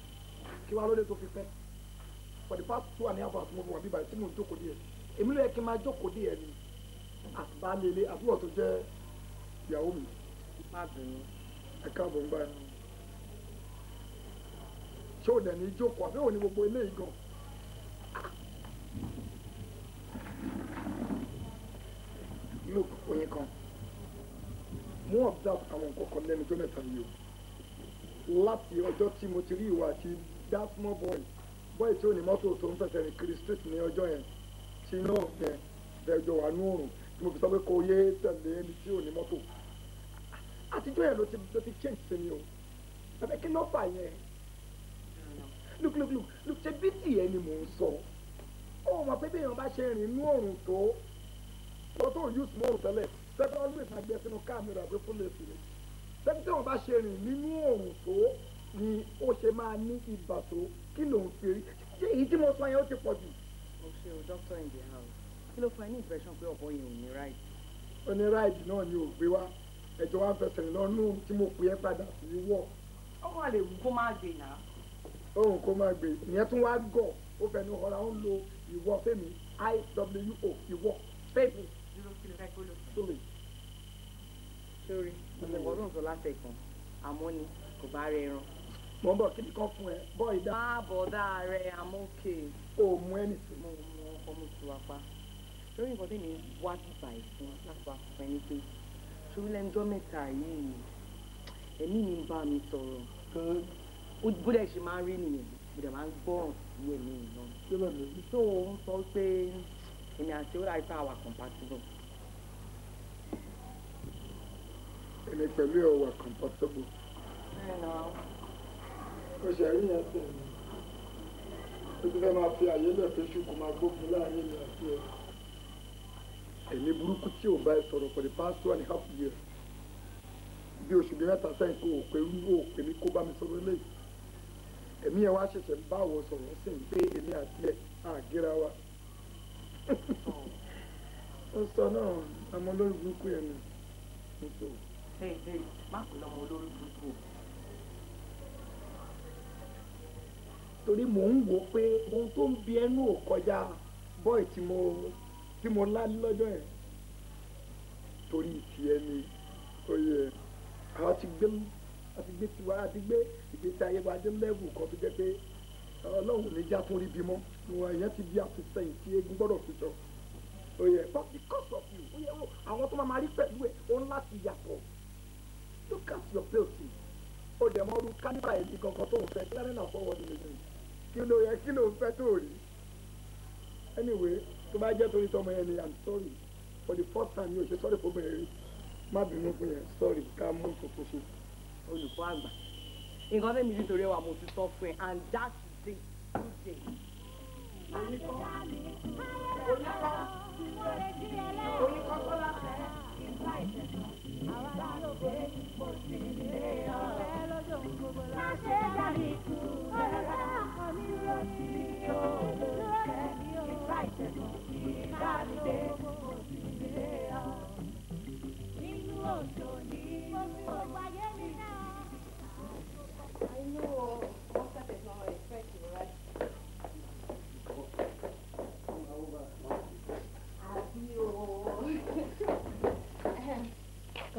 kí wàá lóde tó fi pẹ́ for the past two and a half hours mo fi wà bíbáyìí tí mo ń jókòó díẹ̀ èmi ló yẹ kí n máa jókòó díẹ̀ ni àbálẹ̀lẹ̀ àbúrò tó jẹ́ ìyàwó mi. má bẹ̀rù ẹ káàbọ̀ ń gbà yín. ṣé ò dẹ̀ ní jókòó àbí òun ni gbogbo eléyìí gan. look oyin kan mo observe àwọn nǹkan kan lẹ́nu tó mẹ́ta yìí o láti ọjọ́ tí mo ti rí ìwà àti dá small boy boy tí ó ní mọ́tò tó ń fẹsẹ̀ rìn kiri ní ọjọ́ yẹn tí náà yẹn bẹ̀jọ wà ní òòrùn tí mo fi sọ pé kò yé tẹ̀lé ẹni tí ò ní mọ́tò àtijọ́ yẹn ló ti ló ti change sí mi o bàbá kí ló yẹn look look look look ṣe bí tìyẹ ni mò ń sọ ó mọ̀ pé bí èèyàn bá ṣe rìn inú òòrùn tó ó tó use mọ́ òòrùn tẹ́lẹ̀ tẹ́lẹ̀ always máa gbé sínú káàmì rà pé fún lè fi rè bẹ́ẹ̀ tí wọ́n bá ṣe rìn nínú òòrùn tó ni ó ṣe máa ní ibà tó kí ló ń fi rí ṣé èyí tí mo sọ yẹn ó ti pọ̀ jù. o ṣe o doctor in the house kí ló fún ẹ ní impression pé ọ̀bọ yẹn ò ní ráìdì. ó ní ráìdì náà ni ò gbé wá ẹjọ́ wa fẹsẹ̀ lọ́nù tí mo pè é padà sí wọ̀. ó wà lè wù kó má gbé náà. ohun kó má gbé ìyẹn tún wá gọ̀ ó fẹnu ọ̀rá ń lo ìwọ fẹ́mi iwo fẹ́mi. dúró kí ló fẹ́ kó lò. sórí. sórí ọ̀sẹ̀kọ̀ tó láti ẹ̀kan àmọ́ ni kò bá rẹ ẹran. mo ń bọ̀ kí ni kò fún ẹ bọ́ ìdá. má bọ̀ dá rẹ àmọ́ òkè. o mú ẹni sí. mo mú ọkọ mi tu apá lórí nǹkan tèmi wá tìta ìfún láti wá fún ẹni pé torí lẹ́njọ́ mẹ́ta yìí ẹ̀mí mi ń bá mi sọ̀rọ̀ bó dẹ̀ ṣe máa ń rí nìyẹn mo dẹ̀ máa ń gbọ́ràn sí ẹ̀mí mi tó ń sọ pé èmi àti ó láì fẹ́ àwa compatible. èmi pẹ̀lú ẹ̀ wà comfortable. ó ṣe rí yẹn sí mi ó ti fẹ́ máa fi àyè lẹ̀ fẹ́ ṣùkú máa gbógun láàrin mi àti ẹ̀. èmi burúkú tí ò bá ẹ sọ̀rọ̀ for the past one and a half year bí oṣù bí mẹ́ta sẹ́yìn pé òpè wúwo òpè mi kó bá mi sọ̀rọ̀ eléyìí èmi yẹn wá ṣẹ̀ṣẹ̀ ń bá àwọn sọ̀rọ̀ sí ń pé èmi àti ẹ̀ àgéra wa oh. ó sọ náà àmọ́ lórí burúkú yẹn ni mo sọ̀rọ̀ hey hey má pè lọ́mọ olórí burúkú torí mò ń wò pé ohun tó ń bi ẹnu ò kọjá bọ́ì tí mo tí mo lá lọ́jọ́ yẹn torí tiẹ̀ ni oyè àwọn ti gbé àti gbé tiwa àti gbé ìgbésí ayé wa dé lẹ́wù kan tó jẹ́ pé ọlọ́run ní já tún rí bímọ ìwọ̀n èèyàn ti di àfisẹ́yìn tí eégún gbọ́dọ̀ fi jọ oyè but because of you oyè àwọn tó máa ma rí pẹ̀lú ẹ òun láti yàtọ̀ look at your plate o dẹ̀ mọ ọdún kánífà yìí kankan tó ń fẹ́ kí lẹ́rìn náà fọwọ́ nínú ìlú kí ló yẹ kí ló ń fẹ́ tó rí anyway tó bá jẹ́ torí tọmọ yẹn ni i'm sorry for the first time yóò ṣe sorry fún mi rí má bínú fún yẹn sorry ká mú ìfòfò ṣe. olùkọ́ àgbà nǹkan tẹ́mi ti torí wa mo ti sọ fún ẹ and that's the good day. oníkọ́ oníkọ́.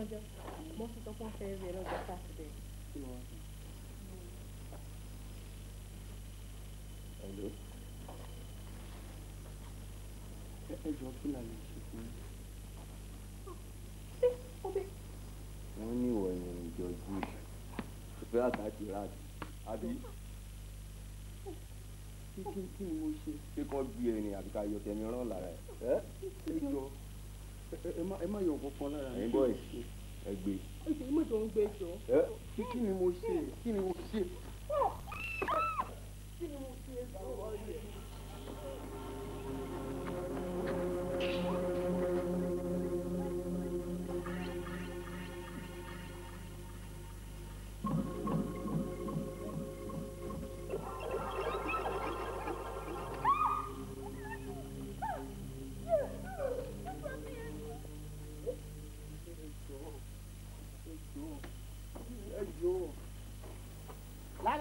kọjá mo sì sọ fún rẹ lọ́jọ́ sátidé. ẹ̀ló ẹ jọ kí la lè ṣe fún yín. wọ́n ní ìwọ ìrìn ìjọ jewish ìfẹ́ àtàkì rad àbí kí ni mo ṣe. ṣé bí ẹni àbíká yọ tẹ̀mí ọ̀rọ̀ lára ẹ̀ ẹ jọ ẹ má yọ nǹkan kan lára mi. ẹ̀yin bọ́ọ̀sì ẹ gbé. ẹ má jọ ń gbé jọ. kí ni mo ṣe kí ni mo ṣe.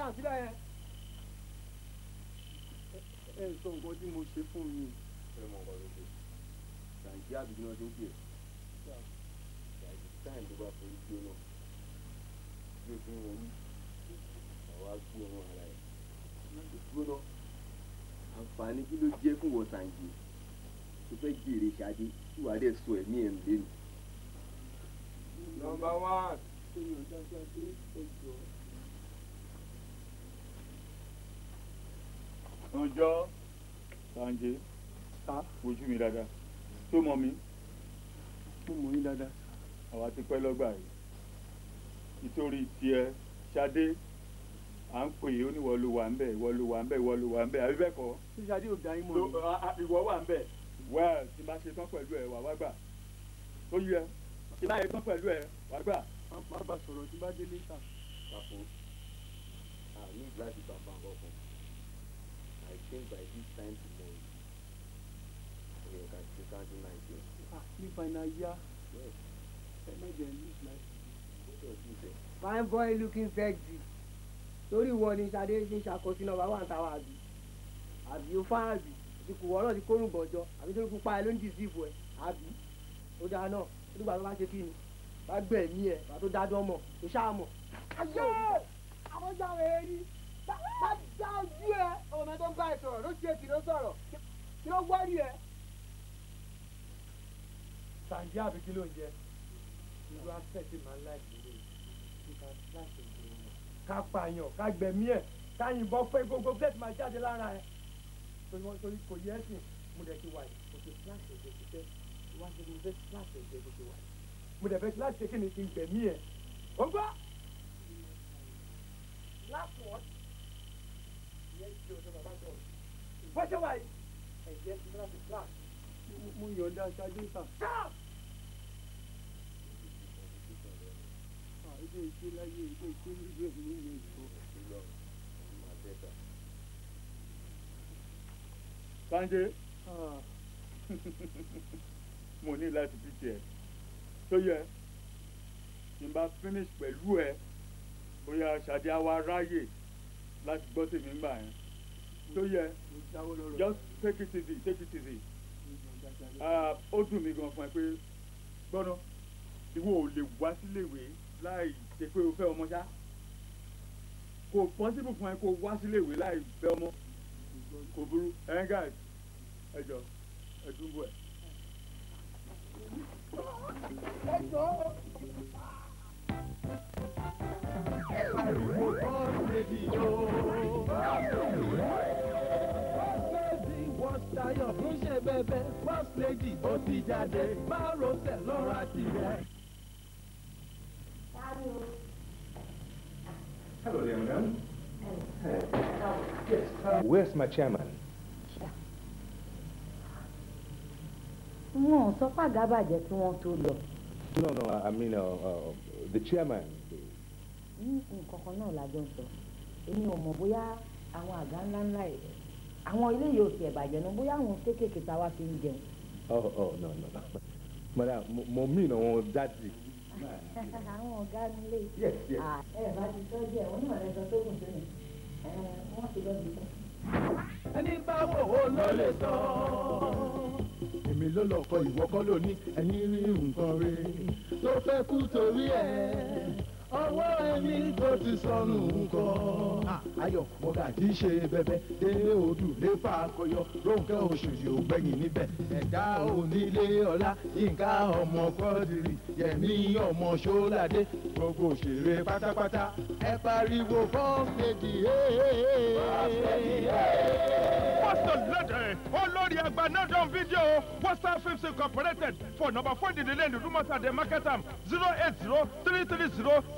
hàn síbẹ̀ yẹn. ẹ ẹ sọ nǹkan tí mo ṣe fún mi. ẹ mọ ọ̀rọ̀ lóde ṣàǹkí àbíkí náà ṣe ń pè é táì bá forí gbé náà bí o fi ń wọlé àwa gbé wọn ara ẹ gbóná àǹfààní kí ló jẹ́ fún wọn ṣàǹkí tó fẹ́ jèrè ṣáájú tí wàá dẹ̀ sọ ẹ̀mí ẹ̀ ń lé ni. nọ́mbà wán. sanjọ́ sanjé ojú mi dáadáa tó mọ mi. mo mọ yín dáadáa. àwa ti pẹ́ lọ́gbà yìí nítorí tiẹ̀ ṣadé à ń pè é ó ní ìwọ ló wà ń bẹ̀ ìwọ ló wà ń bẹ̀ ìwọ ló wà ń bẹ̀ àbí bẹ́ẹ̀ kọ́. ṣíṣadé ò dá yín mọ́ mi. ìwọ wà ń bẹ̀ wẹ́ẹ̀ tí máa ṣe tán pẹ̀lú ẹ̀ wà wá gbà tó yẹ tí máa ṣe tán pẹ̀lú ẹ̀ wà gbà. má bàa sọ̀rọ̀ tí bá délé ta. kàfọ́ àní ìgbà ti bàbá ọkọ̀ change by this time tomorrow so you can you can do nine things. ah if i na ya yes i no dey lose my what was you say. fine boy looking sexy torí ìwọ ni Ṣadé ṣe ṣàkóso nọ́mbà wà táwa àbí àbí ó fá àbí ti kù wọ́n náà ti kórùn bọ̀jọ àbí torí pupa ẹ ló ń dìsíìfù ẹ àbí ó dáa náà nígbà tó bá ṣe kí ni bá gbẹ̀mí ẹ bá tó dá dánmọ̀ tó ṣáà mọ̀. ayé àwọn ọjà rẹ̀ rí má dá ojú ẹ ọmọ tó ń bá ẹ sọ̀rọ̀ ló ṣe kìló sọ̀rọ̀ kí ló wárí ẹ. sàǹjẹ́ àbí kí ló ń jẹ irú asẹ́tì máa ń láì lórí ìgbà láti ìgbà wọn. ká pààyàn ká gbẹ̀mí ẹ̀ ká yìnbọn pé gbogbo plẹ̀tì máa jáde lára ẹ̀ torí kò yẹ ẹ̀sìn mo dẹ̀ ti wà yìí mo ti fíláṣì ẹ̀jẹ̀ ti fẹ́ iwájú mi fẹ́ fíláṣì ẹ̀jẹ̀ mo ti wà yìí mo dẹ̀ fẹ́ fíláṣì ẹ̀jẹ̀ kí ni kí n gbẹ̀mí ẹ̀ ó gbọ́. last word ìyẹn ti ọ̀dọ̀ bàbá jọ bó ṣe wà yìí ẹ̀jẹ̀ ti múra ti flash. ṣáájú ìta. ilé iṣẹ́ láyé ilé iṣẹ́ nílùú èmi nílùú èkó. Sáńjé mo ní láti fi tiẹ̀ tó yẹ kí n bá finish pẹ̀lú ẹ bóyá Ṣadé á wá ráyè láti gbọ́ tèmi ń gbà yẹn tó yẹ just take it easy take it easy mm-hmm. ah, ó dùn mí gan fún ẹ pé gbọ́dọ̀ ìwọ ò lè wá síléèwé láì ṣe pé o fẹ́ ọmọ ṣá kò pọ́sibù fún ẹ kó wá síléèwé láì fẹ́ ọmọ kò burú ẹ̀yin guys ẹ jọ ẹ dúró ẹ. ẹ jọ. Thank you. Tayo Hello there, madam. Yes, where's my chairman? Wọ́n sọ pàgá bàjẹ́ kí wọ́n tó lọ. No, no, I mean uh, uh, the chairman. Nǹkan kan náà la jọ ń èmi ò mọ̀ bóyá àwọn àga ńláńlá ẹ̀ àwọn ilé yóò ti ẹ̀bàjẹ́ nu bóyá àwọn kéékèèké tá a wá fi ń jẹun. ọ ọ nọ nọ mọdà mo mí ìnà wọn dáàdì. àwọn ọ̀gá mi lè. ẹ bá ti tọ́jú ẹ̀ wọ́n ní màá lẹ́sọ tó gùn tó wọ́n ti lọ bí. ẹni bá wò ó ló lè sọ. èmi ló lọ kọ ìwọ kọ́ lóní rí nǹkan rẹ̀ tó fẹ́ kú torí ẹ̀ ọwọ́ ẹni tó ti sọnù nǹkan. Ah, ayọ̀ mọ̀gàjí ṣe bẹ́bẹ́ dé odù lé fàkọyọ lóǹkẹ́ òṣòṣì ògbẹ́yìn níbẹ̀. ẹ̀dá onílé ọlá yínká ọmọ kọ́dìrì yẹ̀mí ọmọ ṣọ́ládé gbogbo òṣèré pátápátá ẹ pariwo fọ́ọ̀mẹ́dì Pastor Lede, Olori Agbanadon Video, WhatsApp 50 Incorporated, phone number 4 Dilele Lumata de Marketam, 080 330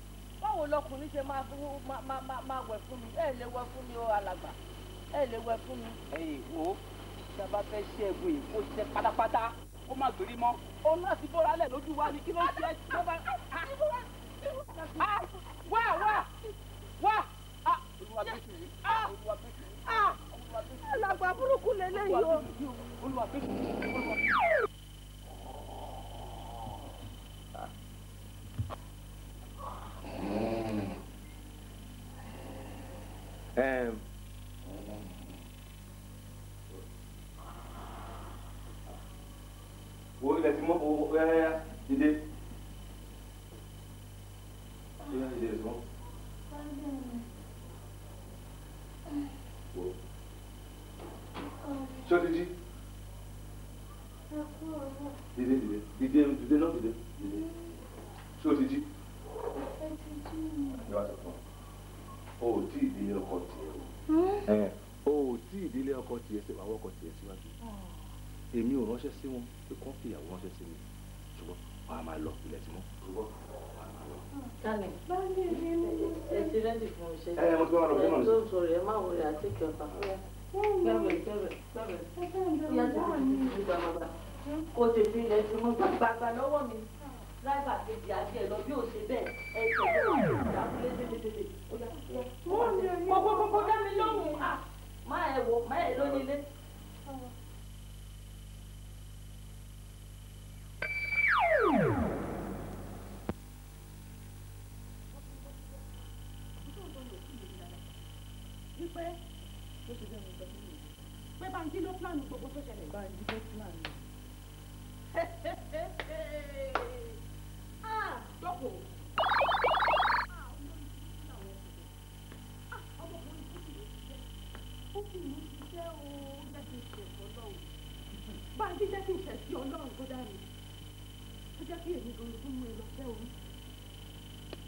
báwo lọkùnrin ṣe máa fún máa wẹ̀ fún mi ẹ lè wẹ̀ fún mi o alàgbà ẹ lè wẹ̀ fún mi. ẹ̀yin wo tí a bá fẹ́ ṣe ẹ̀gbọ́n yìí kó ṣe pátápátá kó má gbèrí mọ́. òun náà ti bóra lẹ̀ lójú wa ni kí ló ṣe é tí ó bá. Ah, wá wá wá. Ah, olúwa bẹ́ẹ̀ ah, alàgbà burúkú lélẹ́yìí o. olúwa bẹ́ẹ̀ sì ni. É, o, ránṣẹ́ sí wọn pé kán fi ìyàwó ránṣẹ́ sí mi ṣùgbọ́n wọ́n máa lọ ilẹ̀ tí mo ṣùgbọ́n wọ́n máa lọ. dani ẹ ti rẹ́dì fún iṣẹ́ ẹ mo ti máa lọ bí wọ́n lọ. ẹ tó rẹ̀ má wo rẹ̀ àti kẹfà. bẹ́ẹ̀ bẹ́ẹ̀ bẹ́ẹ̀ ìyá tó kò tètè ilẹ̀ tí mo gbàgbà lọ́wọ́ mi láì bàtẹ́jì àti ẹ̀ lọ́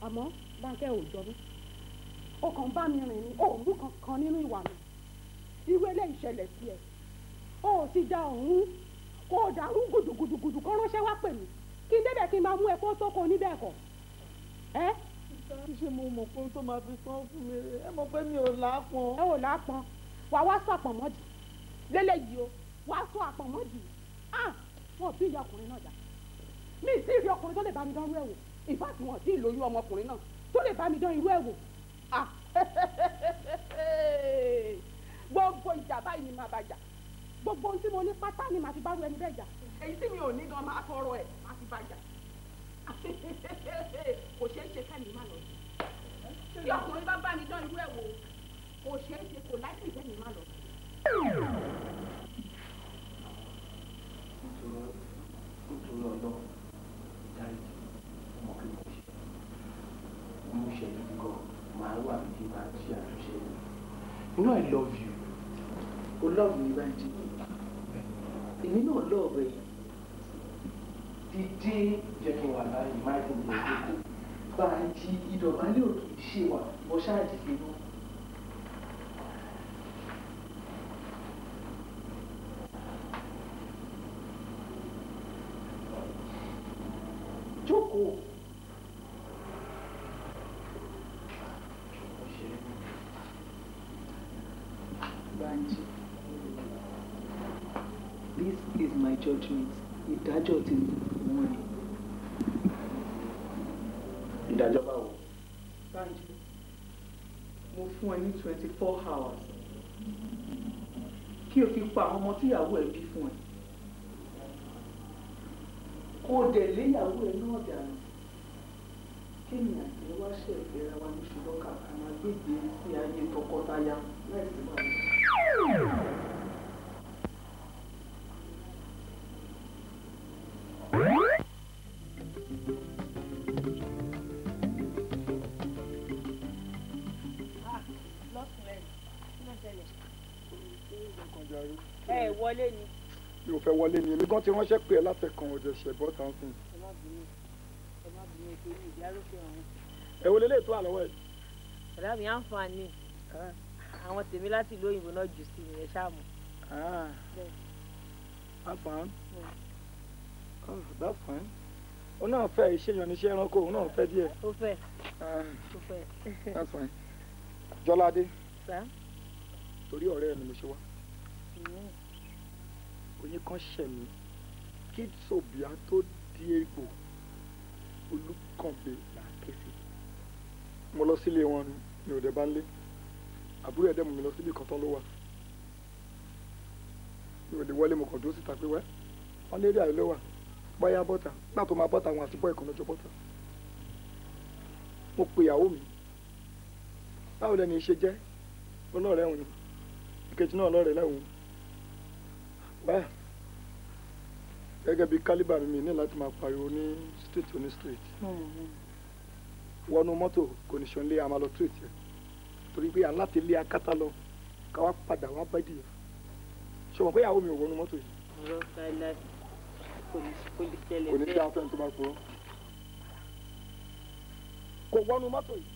àmọ́ dákẹ́ ò jọ mí o kàn bá mi rìn ní òòlù kankan nínú ìwà mi irú eléyìí ṣẹlẹ̀ sí ẹ o ò sì da òun kó o dàrú gùdùgùdùgùdù kan ránṣẹ́ wá pè mí kí n débẹ̀ kí n máa mú epo sóko níbẹ̀ kọ̀ ẹ́. ṣíṣe mo mọ̀ pé tó máa fi san fún mi ẹ mọ̀ pé mi ò láápọn. ẹ ò láápọn wà wá sọ àpọ̀mọ́dì lélẹ́yìí o wà á sọ àpọ̀mọ́dì ah wọn ò bí ìyá ọkùnrin náà jà ì sí ìrí ọkùnrin tó lè bá mi dán irú ẹ̀ wò ìfáàtì wọn ò tí ì lóyún ọmọkùnrin náà tó lè bá mi dán irú ẹ̀ wò ah! gbogbo ìjà báyìí ni màá bá jà gbogbo ohun tí mo ní pátá ni màá fi bá ru ẹni bẹ́ẹ̀ jà èyí tí mi ò ní gan máa tọrọ ẹ̀ máa fi bá jà kò ṣeé ṣe ká ní má lọ sí tí ọkùnrin bá bá mi dán irú ẹ̀ wò kò ṣeé ṣe kò láìpẹ́ ní má lọ sí. ṣe yìí gan máa wà nídìí máa ṣe àtúnṣe yìí you know i love you. o love mi bá jí èmi náà love ẹ dídé jẹ́ kí n wà láàyè má dùn ní ojú kò bá a jí ìdọ̀bálẹ̀ òkè ṣe wà bọ́ṣáàjì gbẹ̀rù. fún ẹ ní twenty four hours kí o fi pa àwọn ọmọ tíyàwó ẹ bí fún ẹ kó o dẹ̀ léyàwó ẹ náà dànù kí ni àtẹ̀wá ṣẹ̀fẹ̀ ra wa ní ṣùgbọ́n kàkà máa gbé ìgbésí ayé tọkọtaya. wọlé ni. mi ò fẹ́ wọlé ni èmi gan ti ránṣẹ́ pé ẹ látẹ̀kàn ọ̀dẹ̀ ṣẹ̀bọ́ tàǹtì. ẹ má bínú ẹ má bínú ètò ní ìdí ọ̀hún. ẹ wo lélẹ́yìí tó wà lọ́wọ́ ẹ̀. ọ̀dà mi àǹfààní àwọn tèmi láti ìlú òyìnbó náà jù sí mi ẹ ṣáà mọ̀. àpàn ah, that's fine òun hmm. ah, náà fẹ́ ìṣèyàn níṣẹ́ ẹranko òun náà fẹ́ díẹ̀. ó fẹ́ ah, ó fẹ́. that's fine jọládé. torí ọ̀rẹ́ ẹ̀ ni mo ṣe wá. Hmm oyin kan ṣẹ̀ mí kí tòbíà tó di egbò olùkànbẹ là ké mo lọ sílé wọn ní òde bá ń lé àbúrò ẹ̀dẹ̀ mi lọ síbi kan ló wà mi ò wọlé mo kàn dúró síta pé wẹ́ wọn ní eré àyè ló wà bọ́yá bọ́tà nígbà tó máa bọ́tà àwọn àti bọ́ ẹ̀kan lọ́jọ́ bọ́tà mo pe ìyàwó mi báwo lẹni ṣe jẹ́ ọlọ́ọ̀rẹ́ òun ìkejì náà ọlọ́ọ̀rẹ́ lẹ́hùn-ún báyà gẹ́gẹ́ bí kálíbà mi ní láti máa pariwo ní street oní street wọnú mọ́tò kò ní sọ̀nlé a máa lọ street yẹn torí pé aláti lé akátá lọ ká wá padà wá bá dìyà ṣọwọ́n pé ìyàwó mi ò wọnú mọ́tò yìí. kò ní ṣẹlẹ̀ bẹ́ẹ̀ tó bá pọ̀ kò wọnú mọ́tò yìí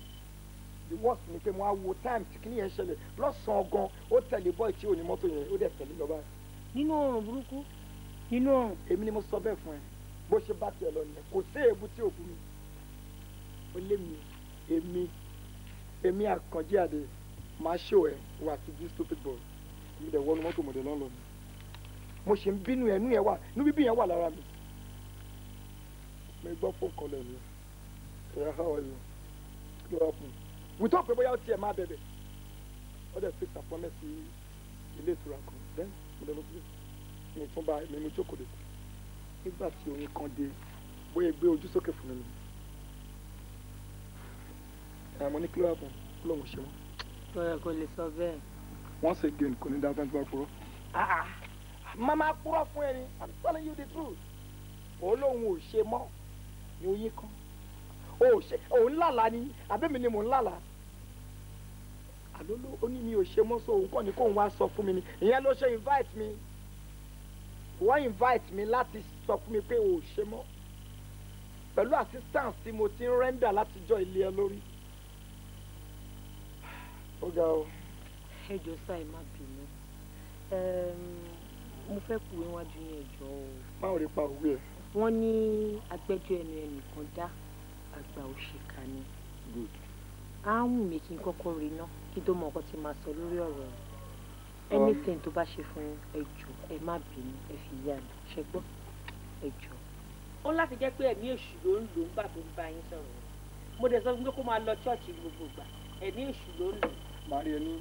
the worst ni pé mo á wo time tí kìnìyẹn ṣẹlẹ̀ lọ́sàn-án gan ó tẹ̀lé bọ́ọ̀ tí ò ní mọ́tò yẹn ó dẹ̀ tẹ̀lé lọ báyìí nínú oòrùn burúkú nínú oòrùn èmi ni mo sọ bẹ́ẹ̀ fún ẹ bó ṣe bá tiẹ̀ lọ nìyẹn kò sí èébú tí òkú mi ó lé mi èmi èmi àkànjí àdè máa ṣó ẹ wà sí this stupid boy mi dẹ̀ wọnú mọ́tò mọ̀dẹ̀ lọ́nà mi mo ṣe ń bínú ẹnu yẹn wà inú bíbí yẹn wà lára mi mi gbọ́ fún kan lẹ́nu ẹ̀yà how are you kí ló wá fún un wùtọ́ pé bóyá ó tiẹ̀ máa bẹ̀bẹ̀ ó dẹ̀ fi sàpọ́nmẹ́sì ilé ìtura kan bẹ́ẹ̀ lọ́dún mi fún ba mi jókòó lẹ́kọ̀ọ́ nígbà tí orin kan dé bóyá gbé ojú sókè fún mi àmọ́ ní kílọ̀ àpọ̀ kó lóun ṣe wọ́n. lọ́yọ̀ kò lè sọ bẹ́ẹ̀. once again kò ní dáadáa gbà púrọ́. Ah, ah. mama púrọ́ fún ẹni i'm telling you the truth òun lòun ò ṣe mọ́ ní oyin kan òun lálàá ni àbẹ́mi ni mò ń lálàá àló ló ó ní mi ò ṣe mọ́ so òun kọ́ ni kóun wá sọ fún mi ni ìyẹn ló ṣe invite mi wọ́n invite mi láti sọ fún mi pé ò ṣe mọ́ pẹ̀lú assistance tí mo ti ń render látijọ́ ilé ẹ lórí. ó ga o. ẹ jọ sáì má bínú mo fẹ́ kú iwájú yẹn jọ o. má ò rí pa òwe ẹ. wọ́n ní agbẹ́jọ́ ẹnu ẹnìkan dá àgbà òṣìkà ni. good á wù mí kí n kọ́kọ́ rí iná kí tó mọ ọkọ tí máa sọ lórí ọ̀rọ̀ rẹ̀ anything tó bá ṣe fún ẹ jọ̀ọ́ ẹ má bínú ẹ fi yá mi ṣe gbọ́ ẹ jọ̀ọ́. ó láti jẹ́ pé ẹ̀mí èṣù ló ń lò ńgbà tó ń bá yín sọ̀rọ̀ mo dẹ̀ sọ fún pé kó máa lọ ṣọ́ọ̀ṣì gbogbo ìgbà ẹ̀mí èṣù ló ń lò. màrí ẹni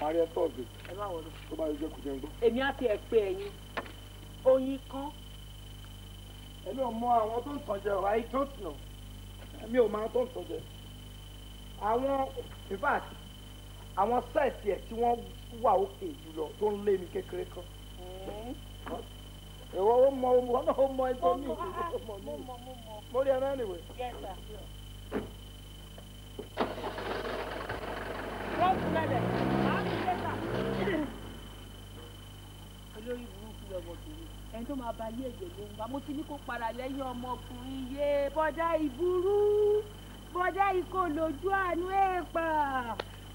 màrí ẹ tọ́ọ̀gì ẹ má wọlé tó bá yẹ jẹ́ kò jẹ́ èmi á ti ẹ̀ pé ẹ̀yin oyin kan. ẹ̀mí ò mọ àwọn tó ń tàn ọ̀rọ̀ àyíkí tó ń tàn jẹ àwọn in fact àwọn sẹ́ẹ̀tì ẹ̀ tí wọ́n wà òkè jùlọ tó ń lé mi kékeré kan. ìwọ ó mọ ọmọ náà ó mọ ẹjọ́ mi mo ah, ah, rí ẹ náà nìwé. olórí burúkú lọmọbìnrin ẹni tó máa ba ilé ẹ̀jẹ̀ ló ń bá mo ti ní kó padà lẹ́yìn ọmọkùnrin yé bọ́dá ìburú bọ́dá ikọ̀ lójú àánú èèpà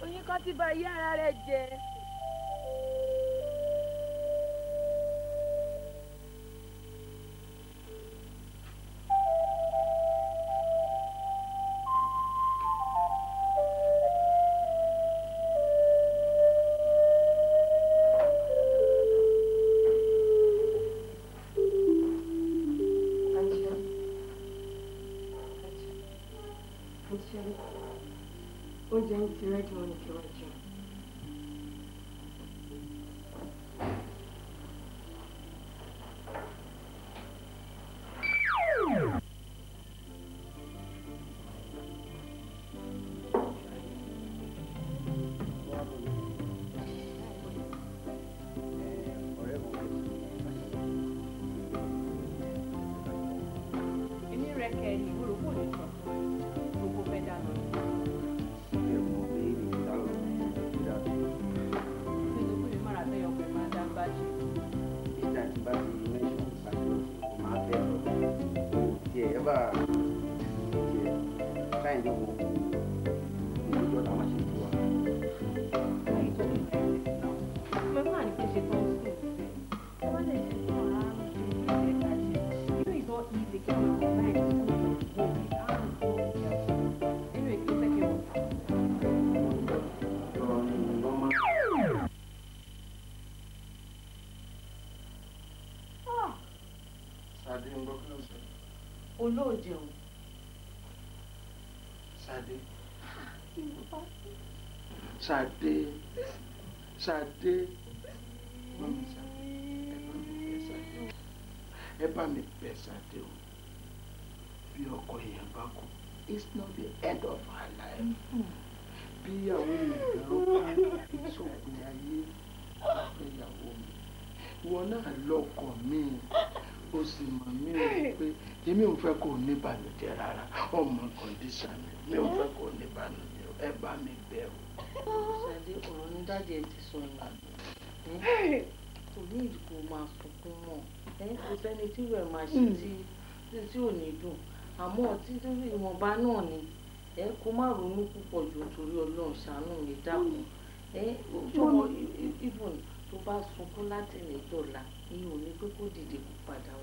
oyin kan ti bá ara rẹ̀ jẹ́. kẹrin Thank you. 落井。níbànújẹ́ rárá ọmọ kọ̀ǹdíṣà mi mi ò fẹ́ kó níbànújẹ́ ẹ bá mi bẹ̀ o. ṣàdé ọ̀rọ̀ ní dáàdi ẹ ti sọ ìlànà kò ní ìdìbò máa sunkún mọ́ ẹ̀yìn kò sẹ́ni tí ìwẹ̀ máa ṣe tí ò ní dùn àmọ́ títorí ìwọ̀nba náà ni ẹ kó má ronú púpọ̀ jù torí ọlọ́run ṣàánú mi dákun ẹ ìbùn tó bá sunkún láti ẹ̀yìn dọ̀la ni ò ní pé kó dìde kó padà wá.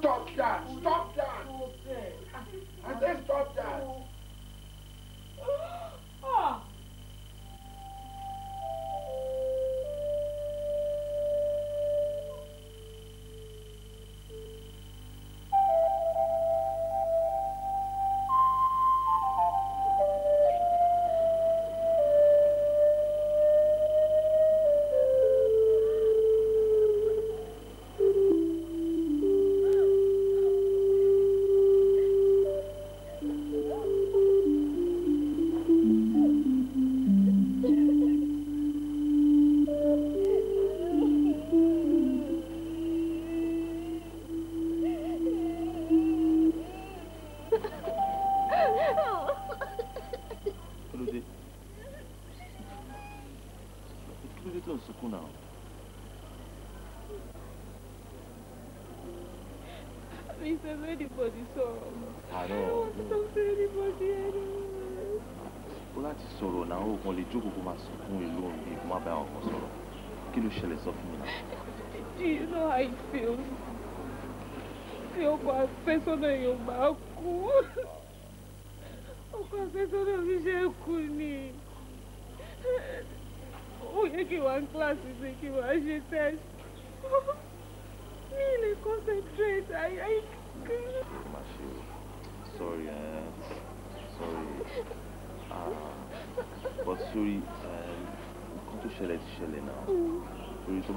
Stop that!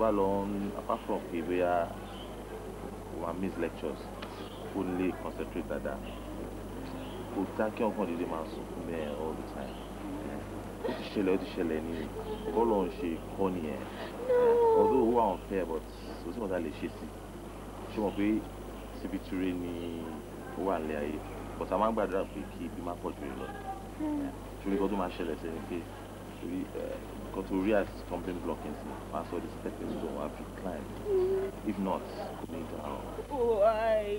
bá lọ apart from pé bóyá miss lectures kó concentrate dáadáa kò dá kí ọkàn dédé máa sùn fún all the time ó ti ṣẹlẹ̀ ó ti ṣẹlẹ̀ ní bọ́ọ̀lù ọ̀hún ṣe kọ́ nìyẹn ọdún owó àwọn fẹ́ but kò sí mọ̀tá lè ṣe sí ṣé mo pé síbi túre ni ó wà nílé ayé but a máa ń gbàdúrà pé kí ibi má pọ̀ jù lọ hmm. ṣùgbọ́n nǹkan tó máa ṣẹlẹ̀ sí ni pé eh, Quand on realize something blocking password is taken, so I've declined. If not, commit our Why?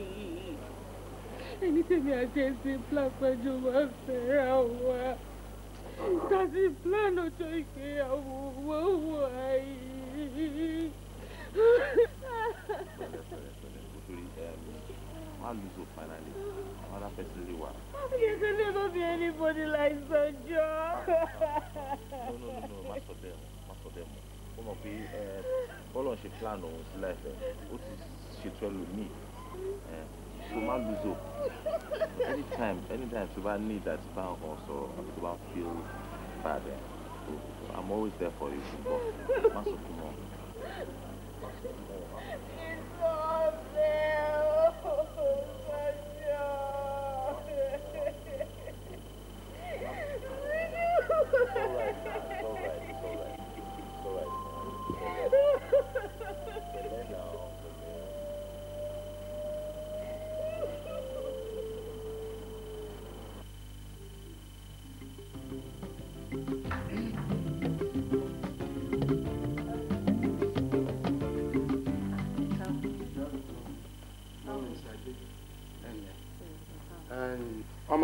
Anything I can oh, plan for you, Master. That's the plan oh, of choice. Why? I'll lose hope finally. Another person There can never be anybody like Sanjo. no, no, no. mọ̀ pé bọ́lọ̀ ṣe plan òun sí láìpẹ́ ó ti ṣètò ẹlòmíì so má lose anytime anytime tó bá need ìdàtí bá ń hàn sọ̀rọ̀ àti tó bá feel bad ẹ̀ so I'm always there for you ṣùgbọ́n má sọ fún wọn.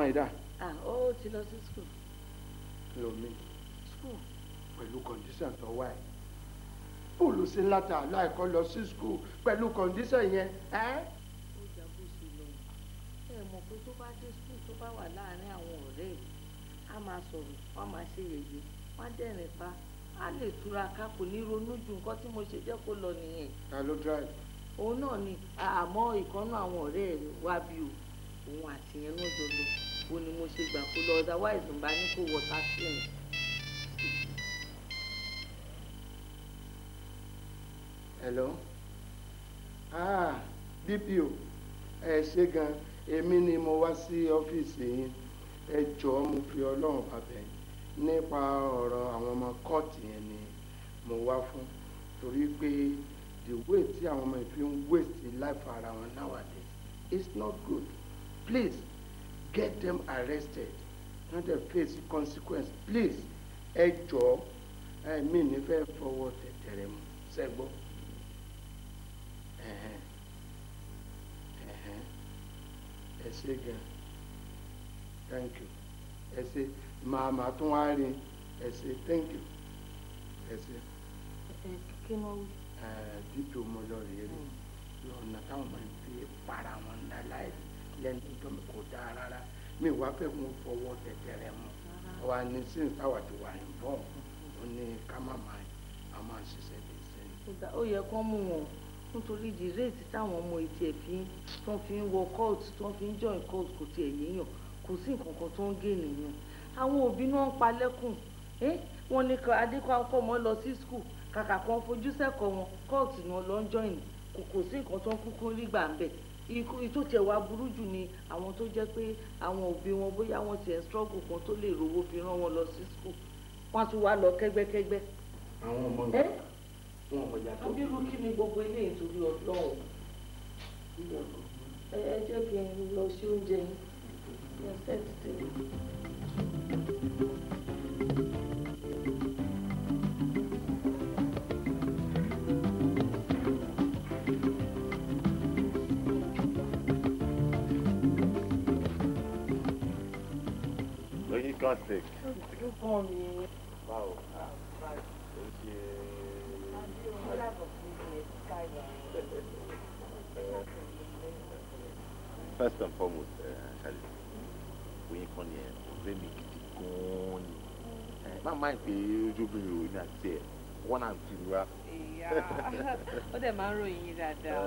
ọmọ ìdá. ó ti lọ sí skul. lomi skul pẹ̀lú kọ̀ǹdíṣàn tó wà ẹ̀ bóòlù sí láta aláìkọ́ lọ sí skul pẹ̀lú kọ̀ǹdíṣàn yẹn. ó jà bó ṣe lọ ẹ mọ̀ pé tó bá dé skul tó bá wà láàárín àwọn ọ̀rẹ́ ẹ̀ á máa sọ̀rọ̀ wọ́n máa ṣe yẹ̀yẹ́ wọ́n á dẹ̀rìn pa á lè túraká kò ní ronú ju nǹkan tí mo ṣe jẹ́ kó lọ nìyẹn. ta ló drive. òun náà ni àmọ́ ìkànnú àwọn ọ̀rẹ́ ẹ̀ wá bí o òun àtìyẹn ló jọ lọ ó ní mo ṣe gbà kó lọ otherwise ń bá ní kó wọ táṣì ẹ̀. hello ah DPO ẹ ṣe gan èmi ni mo wá sí ọ́fíìsì yín ẹ jọ̀ọ́ mo fi Ọlọ́run bàbẹ nípa ọ̀rọ̀ àwọn ọmọ kọ́ọ̀tì yẹn ni mo wá fún torí pé the way tí àwọn ọmọ ìfi ń waste life ara wọn nowadays is not good please get them arrested not dey face the consequence please ẹ jọ ẹ mi ní fẹ́ fọwọ́ tẹ̀tẹ̀rẹ̀ mu sẹ́gbọ́. ẹ ṣe gan thank you ẹ màmá tún wá rí ẹ thank you ẹ ẹ kí ló wí. dídò mo lọ rèé rí hmm. lọ́nà táwọn máa ń fi para wọn ńlá láì lẹ́nu tó kò dáa rárá mi wá fẹ́ mo fọwọ́ tẹ̀tẹ̀rẹ̀ mu wa ní sí táwọn ti wà ìbọn ó ní ká má máa a máa ṣiṣẹ́ bí iṣẹ́. ó yẹ kán mú wọn nítorí di réètì táwọn ọmọ etí ẹ̀ fi tán fi ń wọ kóòtù tán fi ń join kóòtù kò tiẹ̀ yéèyàn kò sí nǹkan kan tó ń gé nìyẹn àwọn òbí náà ń palẹ́kùn wọn ní adékọ̀ akọ́mọ lọ sí skul kàkà kan fojú sẹ́kọ̀ọ́ wọn kóòtù ni wọn lọ ń join kò sí nǹkan tó ń kúkú rí gbà ń bẹ̀ ìtò tiẹ̀ wá burú jù ni àwọn tó jẹ́ pé àwọn òbí wọn bóyá wọn tiẹ̀ struggle kan tó lè rówó fi rán wọn lọ sí school wọn tún wá lọ kẹ́gbẹ́kẹ́gbẹ́. àwọn ọmọ mi wọn kò yàtọ̀. abirú kí ni gbogbo ilé ìtòrí ọlọ́run ẹ jẹ́ kí n lọ sí oúnjẹ yín ẹ ṣe tẹ̀lé. God's sake. Báwo, ó ṣe first and foremost ṣàlẹ̀ eh, oyin kan ni ẹ ọ̀rẹ́ mi gidi gan-an ni eh, má má pé ojúbìnrin òní àti ẹ one and two ra. ó dẹ̀ máa ń ròyìn yín dáadáa.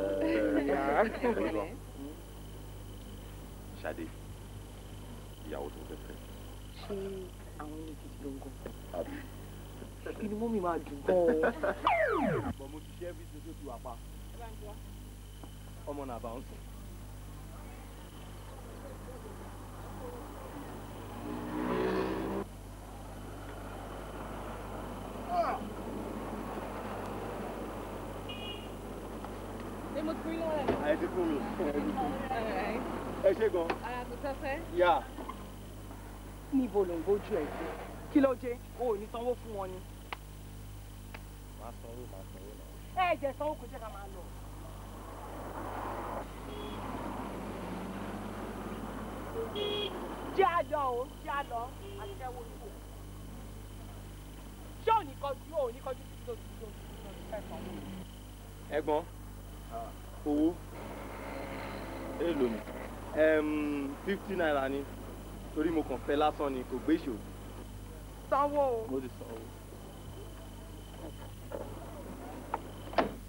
Ṣadé eh, ìyàwó tó fẹ́ fẹ́ ṣé àwọn ilé ìdíje ló ń gọ inú mọ́mí máa dùn gan o. bọ̀ mo ti ṣe é bí tuntun ti wà pa ọmọ nàbà ń sùn. ẹ ti fún mi ẹ ṣe gan. ara kò tọ́ fẹ́. yà níbo ló ń bójú ẹ̀ sí kí ló dé o ò ní sanwó fún wọn ni. má sanwó má sanwó náà. ẹ jẹ sanwó kò jẹ ká máa lọ. jẹ́ àlọ́ o jẹ́ àlọ́ àtẹ́wò ìwò. ṣé ò ní kọjú ò ní kọjú títí tó ti tó ti tó ti fẹ́ sanwó. ẹ̀gbọ́n ah. owó èèlò ni fifty naira ni torí mo kàn fẹ́ lásán ni kò gbé ìṣòro. sanwó o. mo ti sanwó.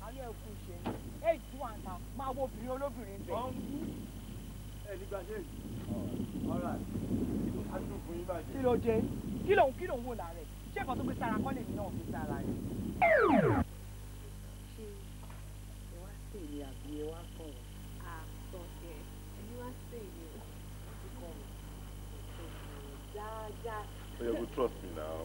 alẹ́ ẹ̀kú ṣe ni éèdì wà ń ta máa wo obìnrin olóbìnrin bẹ̀. ẹ nígbà ṣe èyí ọ̀rọ̀ àdúgbò fún yín bàjẹ́. kí ló dé kí lòun kí lòun wò lára ẹ̀ ṣé ẹ̀kọ́ tó gbé sára kọ́ lèmi náà fi sára rẹ̀. ṣé ẹ wá sí ìlú àbí Jack. So you will trust me now.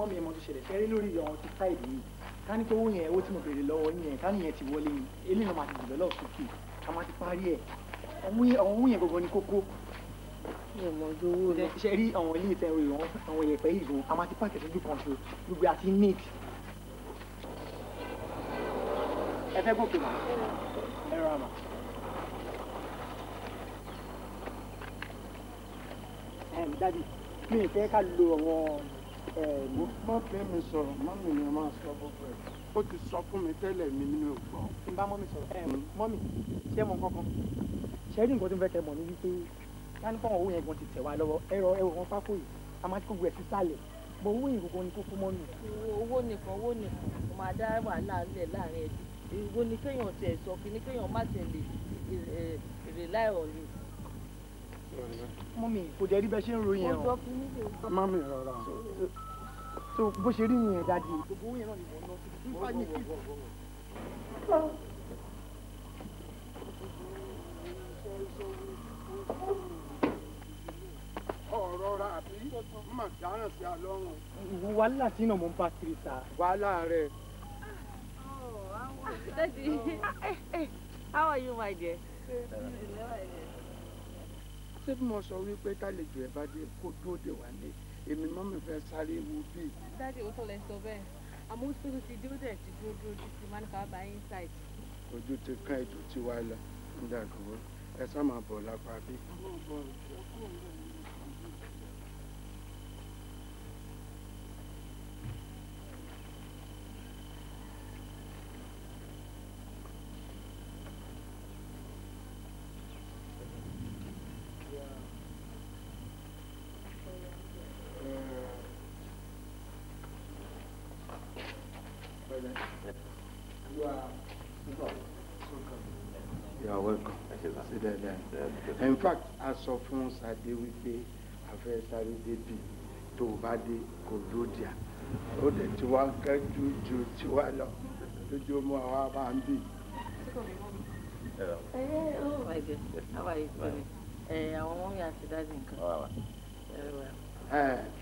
mọ́mí ẹ̀ mọ́ tó ṣẹlẹ̀ ká ní pé owó yẹn owó tí mo béèrè lọ́wọ́ yẹn ká nìyẹn ti wọlé yẹn eléyìí náà máa ti develop sókè ká máa ti parí ẹ̀ àwọn owó yẹn gbogbo ní kókó. mi ò mọ ojú owó rẹ. ṣe rí àwọn ilé ìtẹ́ ìròyìn àwọn ìyẹ̀pẹ̀ yìí gan a máa ti pàkẹ́ sójú kan ṣo gbogbo àti neat. ẹ fẹ́ gòkè mà ẹ rọra mà. dadi mi ì fẹ́ ká lo àwọn ẹ mo má bẹ mi sọ̀rọ̀ má mi ni máa sọ gbogbo ẹ ó ti sọ fún mi tẹ́lẹ̀ mi ni ò gbọ́. n bá mọ́mí sọ̀rọ̀ ẹ mọ́mí ṣé mo kankan ṣe é rí nǹkan tó ń fẹ́ kẹ́ mọ̀ ní wípé káni fáwọn owó yẹn gan ti tẹ̀ wá lọ́wọ́ ẹ̀rọ ẹ̀rọ wọn pákó yìí a máa ti kó gbẹ̀ sísàlẹ̀ mọ owó yìí gbogbo ni kó fún mọ́nù. owó nìkan owó nìkan kò máa dá wàhálà lẹ̀ láàrin ẹbí ìwọ ni kéèyàn tiẹ̀ sọ kí ni kéèyàn má tiẹ̀ lè rely on you mọ́mí kò dẹ̀ rí bẹ́ẹ̀ ṣe ń ròyìn ẹ̀ o. mọ́mí rọra so bó ṣe rí yẹn dájú. gbogbo owó yẹn náà ni mo ná sí àbí mà dáràn sí alọ́run. wàhálà tí náà mo ń bá kiri sa. wàhálà rẹ. Daddy, eh, eh, how are you, my dear? ṣé bí mo sọ wípé tálejò ẹ bá dé kó dúró dè wá ní èmi mọ́ mi fẹ́ sáré wo bí. dájú òótọ́ lẹ sọ bẹ́ẹ̀ àmọ́ oṣù tó ti dúró dẹ̀ ti dúró dúró ti ti máa ń kàwá bá inside. ojú ti kán ètò tiwa lọ ń dàgbọ́ ẹ sá máa bọ̀ lápá bí. àwọn ọ̀bọ̀n ìjọkùn rẹ̀. are welcome. Thank you, sir. There, there. In fact, aṣọ fún Sade wípé afẹ́ sáré débi tó o bá dé kò dúró díà. Ó dẹ̀ tí wọ́n kẹ́ ju ju tí wọ́n lọ How are you ń bì. Àwọn ọmọ mi àti dájú nǹkan.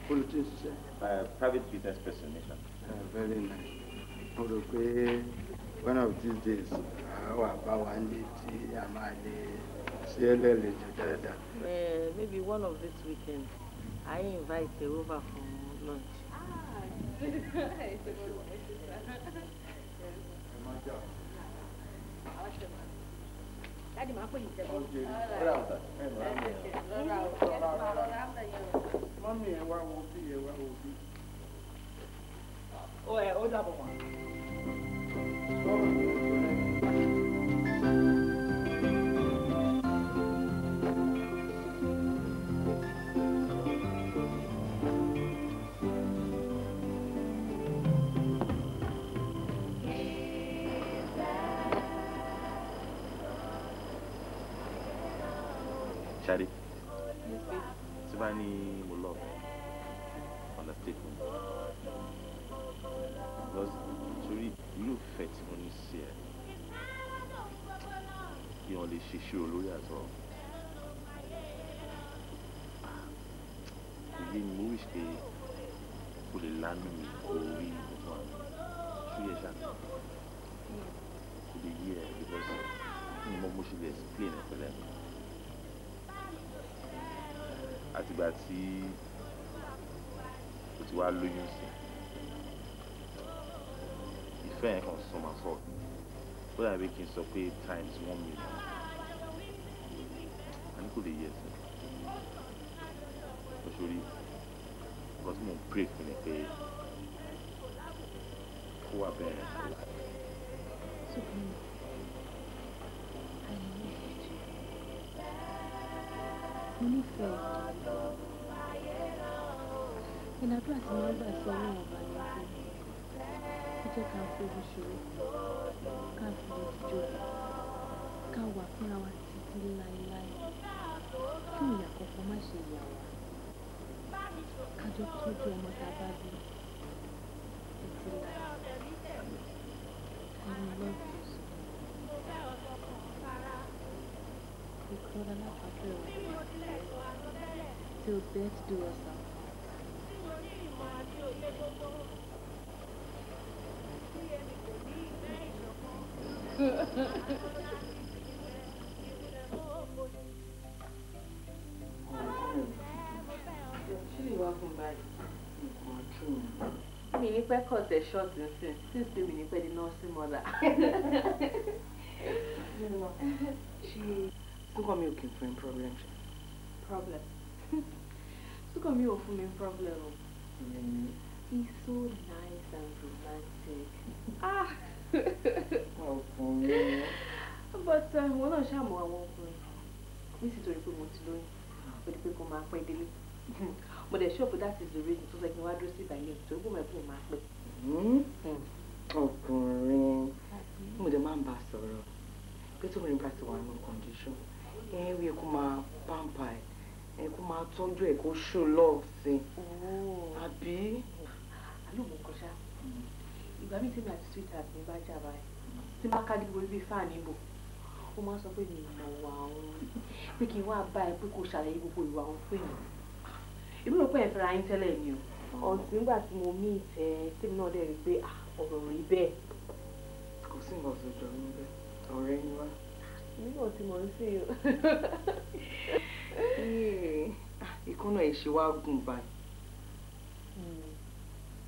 Politics. Private business person. Uh, very nice. Mo rò pé one of these days wà bá wa ní tí a máa lè ṣe é dáadáa. Eh, maybe one of this weekend I invite you over for lunch. Daddy, ma pè yín tẹ́lẹ̀. Mọ́mí ẹ wá wo bí ẹ wá wo bí. Ó ẹ ó dàbọ̀ wá. àtìgbà tí o ti wá lóyún sí ìfẹ́ yẹn kan sọ màá sọ ó dàbí kí n sọ pé times one million a ní kò lè yẹ ẹsẹ̀ o ṣòrí nǹkan tí mò ń pray fún ni pé kó wà bẹ́ẹ̀ rẹ̀ sọ́la. mo nífẹ̀ẹ́ ìnàdúrà tí wọ́n gbà sí ọlọ́run ọba ní ọdún ó jẹ́ ká fojú ṣòro ká fi ìjọ ká wà fúnra wa títí láéláé kí ìyà kankan má ṣe yà wá ká jọ ọmọ tá a bá bí títí láé I love you so much. Because I'm not happy. Till death do us apart. mi ní pẹ́ cut ẹ̀ short nsìn since pé mi ní pẹ́ di nursing mother. Súnkàn mi ò kì í fún mi problem ṣe. Problem. Súnkàn mi ò fún mi problem o. so nice and romantic. Ah! ọkùnrin. but um, wọn náà ṣàmọ àwọn ọkùnrin nítorí pé mo ti lóyún ó di pé kò máa pẹ́ délé mo dẹ̀ ṣọ́ọ̀bù that is the reason tó sọ kí n wá dúró sí ìbàlẹ̀ tó gbọ́n mẹ́fún máa pẹ́. Hmm? Hmm. ọkùnrin mo dẹ̀ máa ń bá a sọ̀rọ̀ pé tó rìn bá ti wà nínú condition ẹ ẹ wí kó máa pàǹpà ẹ ẹ kó máa tọ́jú ẹ kó show love sí oh. àbí. àlọ́ mo kọjá hmm. ìgbà mi ti mi àti sweet heart mi bá jà báyìí tí má ká dìbò bíi fáà níbò ó máa sọ pé mi ìmọ̀ wà òun pé kí n wá bá ẹ pé kò ṣàlàyé gbogbo ìwà òun fún èèyàn èmi rò pé ẹ fẹ́ra yín tẹ́lẹ̀ ni o ọ̀sìn nígbà tí mo mí ìfẹ́ tèmi náà dẹ̀ rí pé ah, ọ̀rọ̀ rí bẹ́ẹ̀. kò sí nǹkan tó jọ mí bẹ́ẹ̀ ọ̀rẹ́ ni wá. mi náà ti mọ̀ sí i o. Ah, ìkúnná ẹ̀ ṣe wá gùn báyìí hmm.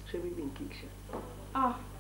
ṣé bíbí ń kí iṣẹ́. Ah.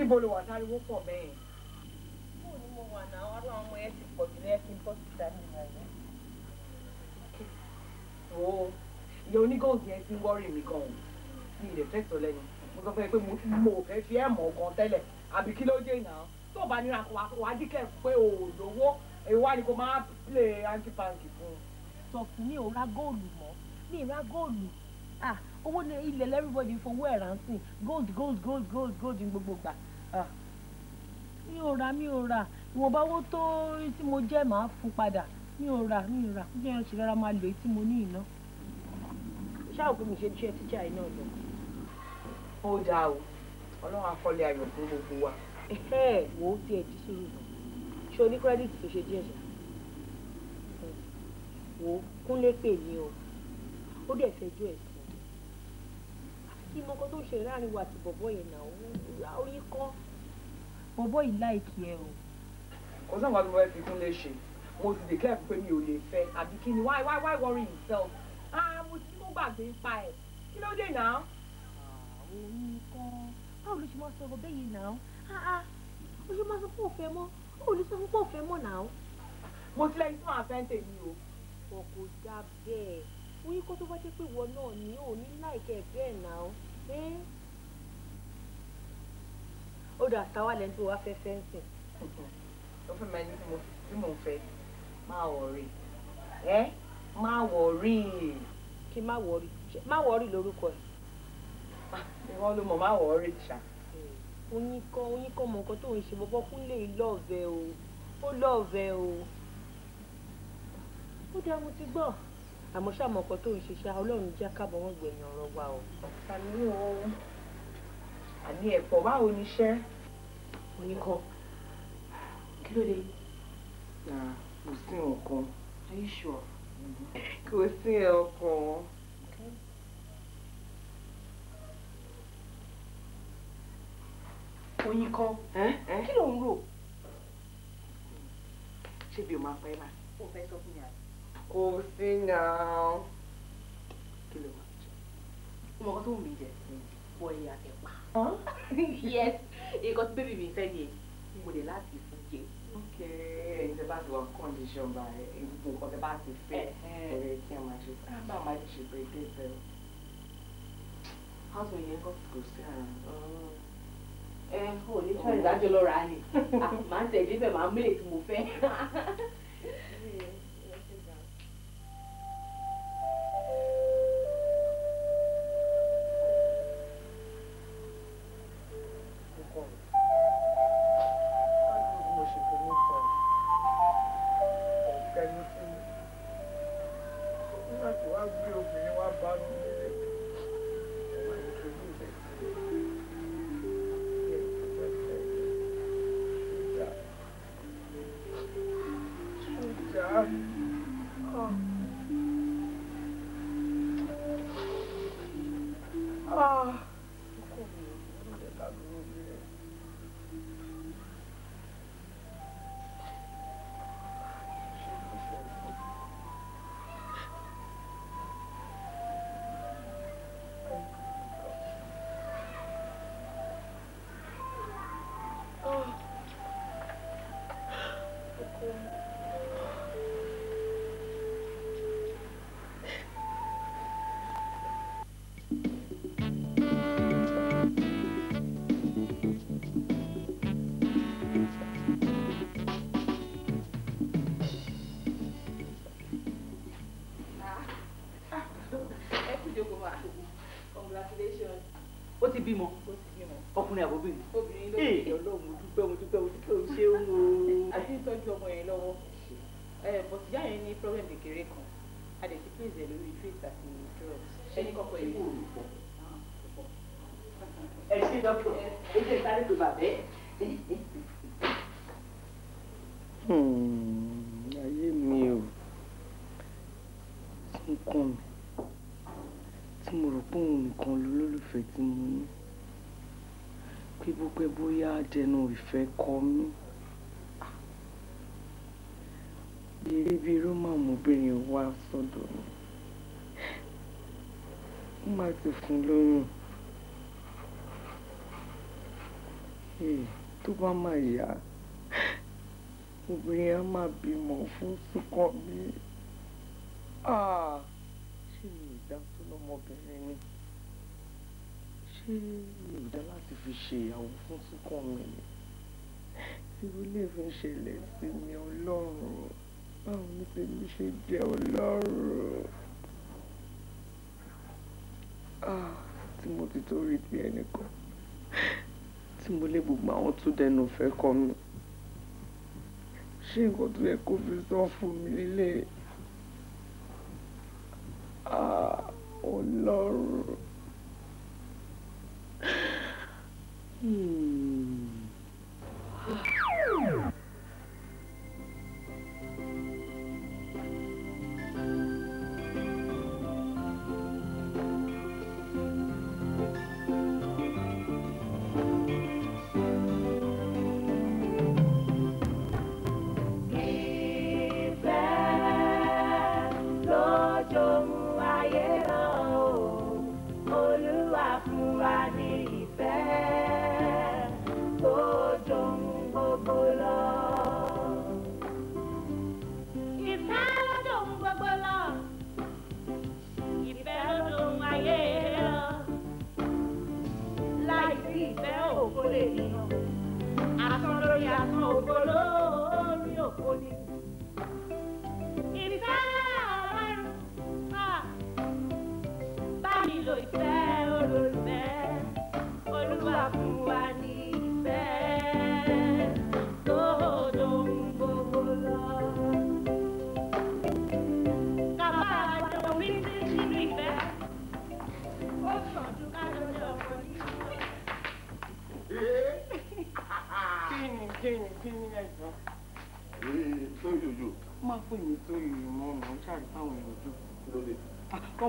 níbo ló wà táriwo pọ̀ bẹ́ẹ̀. fóònù ni mo wà náà wàá láwọn ọmọ yẹn ti pọ̀ jù ní ẹkí bọ́ síta ní ìrọ̀lẹ́. wo ìyá onígòǹgì yẹn ti ń wọ́rì mi gan o mi ì lè fẹ́ sọ lẹ́nu mo sọ fún ẹ pé mo fẹ́ fi ẹ̀ mọ̀ gan tẹ́lẹ̀ àbí kí ló dé náà tó bá nira kó wàá díkẹ̀ pé o ò lówó èèwà ni kò máa lè áńkì pàǹkì fún un. sọ fún mi ò ra góòlù mọ́ mi ra góòlù ah, owó ilẹ̀ everybody fowó ẹ̀ rántí gold gold gold gold gold ní gbogbo gbà Ah. mi ò rà mi ò rà ìwọ̀nba owó tó tí mo jẹ́ màá fún padà mi ò rà mi ò rà kí ẹ ṣe rárá máa lò èyí tí mo ní iná. ṣáà òpin mi ṣe iṣẹ́ tíjà iná lọ. ó dáa o ọlọ́run akọ́lé ayọ̀ fún gbogbo wa. wò ó tiẹ̀ jí sùúrù lọ ṣé o kírẹ́dìtì tó ṣe díẹ̀ ṣá. wò ó kúnlé pè mí o ó dẹ̀ fẹjọ́ ẹ̀ sí kí mọ nǹkan tó ń ṣe láàrin wa àti bọ̀bọ̀ yẹn náà orí kọ́. bọ̀bọ̀ yìí láìkí ẹ o. kò sáà wà ló fẹ́ fi kún lè ṣe mo ti dèkẹ́ pé mi ò lè fẹ́ àbí kí ni why why why worry himself ah mo ti mú gbàgbé pa ẹ̀ kí ló dé náà. òun kan báwo ló ṣe máa sọ bẹ́ẹ̀ yìí náà ah ó ṣe máa sọ fún òfẹ́ mọ́ ó lè sọ fún òfẹ́ mọ́ náà. mo ti lẹ́yìn tí màá fẹ́ ń tèmi o. ọkọ̀ dá bẹ́ẹ̀ wí kó tó bá jẹ́ pé ìwọ náà ni ò láìkẹ́ bẹ́ẹ̀ náà ẹ́ ó dà táwa lẹ́nu tó wá fẹ́ fẹ́ǹsìn. ó fẹ́ máa ní bí mo fẹ́ máa wọ̀rí ẹ́ máa wọ̀rí. kí má wọ̀rí má wọ̀rí lórúkọ ẹ̀. Ah, ìwọ ló mọ̀ má wọ̀rí ṣá. Hmm. oyin kan oyin kan mọ nǹkan tó ń ṣe bọ́bọ́ kúnlé lọ́ọ̀vẹ́ o ó lọ́ọ̀vẹ́ o ó dá ti gbọ́ àmọ́ ṣáà mọ̀ ọkọ tó ń ṣiṣẹ́ ọlọ́run jẹ́ káàbọ̀ wọ́n gbẹ̀yìn ọ̀rọ̀ wa o. àmì o àmì ẹ̀pọ̀ báwo ni iṣẹ́ oníkan kí ló dé. kò sí ọkàn are you sure. kò sí ọkàn. oyin kan kí ló ń rò. ṣé bí o máa pẹ́ máa. o fẹ́ sọ fún mi àná kò sí náà. kí ló máa jẹ. ọmọ kan tó wù mí jẹ wọ ẹyà yes nǹkan tí bébì mi fẹ́ ni mo lè láti fún ok ẹ̀yin tẹ́ bá ti wà condition by gbogbo nǹkan tẹ́ bá ti fẹ́ ẹ̀rẹ̀ kí a máa ṣe bá a máa ṣe pé dé bẹ́ẹ̀. house wey yẹn kọ́ kò sí àrùn ẹ ò ní sọ ìdájọ́ lọ́ra ni màá tẹ̀lé bẹ́ẹ̀ màá mílè Ah, Congratulations. it be more? dẹnu ìfẹ́ kọ mí eré bíi roma ọmọbìnrin wá sọ́dọ̀ mi ó má ti fún lóyún tó bá má yá obìnrin á má bímọ fún Súnkànmí. Ah. láti fi ṣe ìyàwó fún Súnkànmí ni irú lè fi ṣẹlẹ̀ sí mi ọlọ́run báwo ni tèmi ṣe jẹ́ ọlọ́run ah, tí mo ti torí ti ẹnìkan tí mo lé gbogbo àwọn tó dẹnu fẹ́ kọ́ mi ṣé nǹkan tó yẹ kó fi sọ fún mi lélẹ́yìí.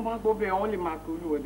van gobe on li makou lou e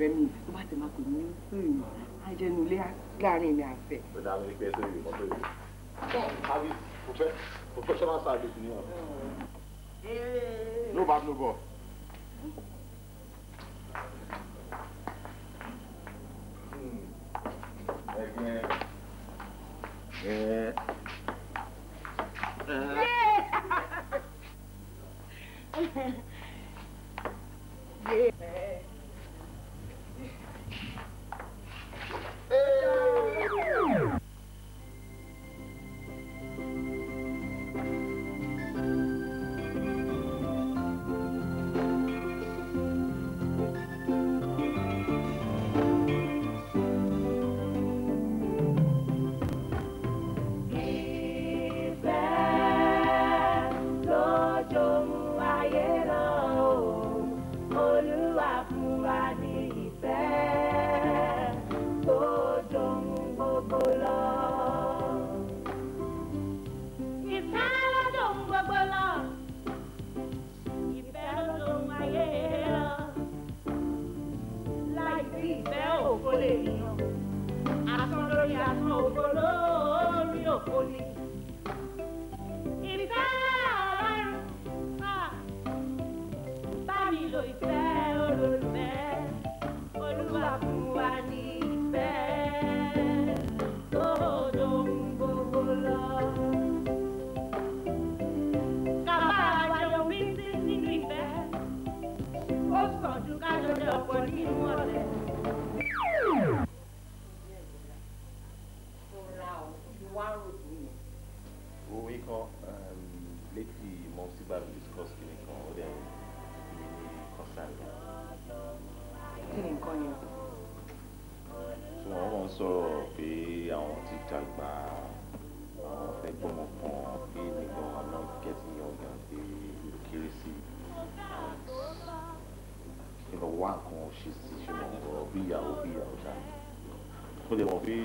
pé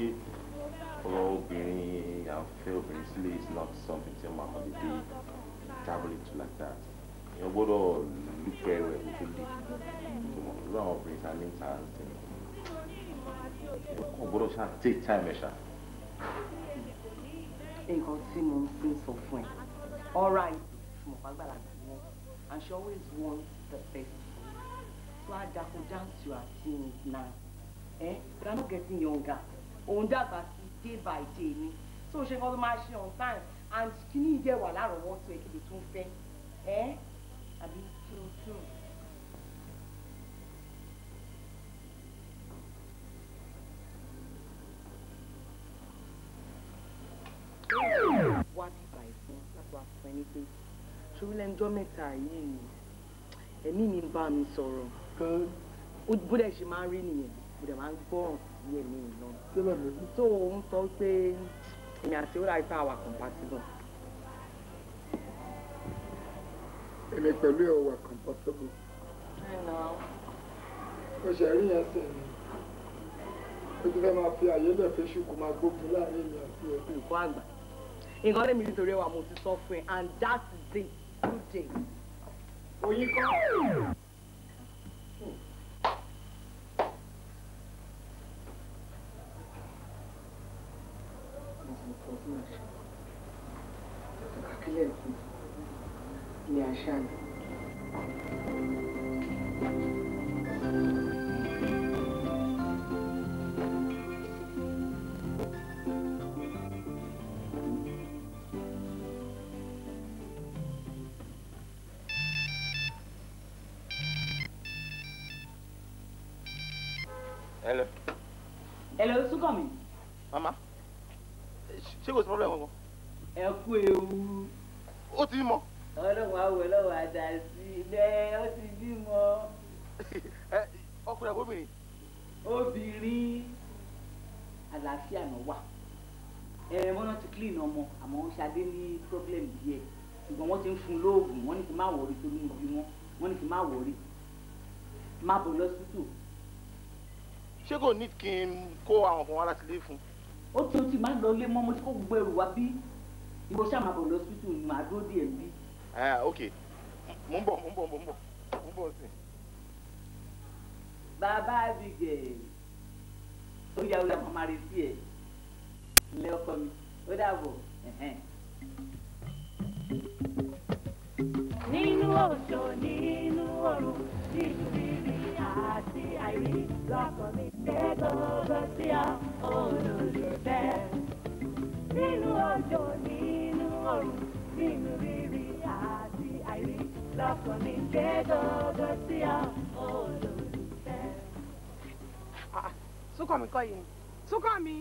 ọ̀rọ̀ obìnrin à ń fẹ́ obìnrin sílé is not something tí ọmọ àwọn dédé traveling to like that èèyàn gbọ́dọ̀ lúpẹ́ rẹ̀ kó tó lè tòmọ̀ lórí àwọn obìnrin ta ní ta ń tẹ̀ kò gbọ́dọ̀ ṣáà take time ẹ̀ ṣá. nǹkan tí mo ń fi sọ fún ẹ ọ̀rá ìtumọ̀ àgbàlagbà ni wọ́n and she always wants the best so I dakoda to her teens now eh? But are not getting younger òun dàgbà sí day by day ni so ṣe kọ́ tó máa ṣe on time and kíní ìdẹ̀ wà lárọ̀ọ́wọ́tó ẹ̀ kí lè tún fẹ́ ẹ́ àbí kí ló kí ló. wá bíbá ìfún láti pé ṣorí lẹ́njọ́ mẹ́ta yìí ẹ̀mí mi bá mi sọ̀rọ̀ bó dẹ̀ ṣe máa rí nìyẹn mo dẹ̀ máa ń gbọ́ràn sí ẹ̀mí náà tó ń sọ pé èmi àti ó ráì fáwà compatible. èmi pẹ̀lú ẹ̀ wà compatible. ó ṣe rí yẹn sìn ni ó ti fẹ́ máa fi àyè lẹ̀ fi ṣùkú máa gbógun láàrin èmi àti ẹ̀. nǹkan àgbà nǹkan tẹ̀mí nítorí ẹwà mo ti sọ fún ẹ and that is it good day. oyin kan. ni àṣà mi. Hello. Hello, Súnkànmí. Màmá, ṣé kò sí problem kankan? Ẹ kú ewu ọlọ́run àwọ̀ ọlọ́run àdàsí bẹ́ẹ̀ ó ti bímọ. Eh, ọkùnrin àbóbìnrin. obìnrin àlàáfíà náà wà eh, wọ́n náà ti clean ọmọ àmọ́ wọ́n ṣadé ní problem díẹ̀ ṣùgbọ́n wọ́n ti ń fún lóògùn wọ́n ní kí n má torí mo wọn wọ́n ní kí n má wọrí má bọ̀ lọ́sítù. ṣé kò ní kí n kó àwọn kan wá láti lé fún. ó ti ó ti lọ lé mọ́ mo ti kó gbogbo ẹrù wá bí ìbò ṣáà má bọ̀ lọ́sítù ni màá díẹ̀ bíi ah ok mo ń bọ̀ mo ń bọ̀ mo ń bọ̀ mo ń bọ̀ sí. bàbá Abigail ó yà wúlò àwọn máa retí ẹ ilé ọkọ mi ó dàbọ̀. nínú òjò nínú òru nínú bíbí àti mi ṣe gbogbo sí ọ olùlù bẹ́ẹ̀ nínú òjò nínú òru lọ́kàn mi ń gbé gọ́gọ́ sí ọ olólùfẹ́. súnkàn mi kọ́ yìí ni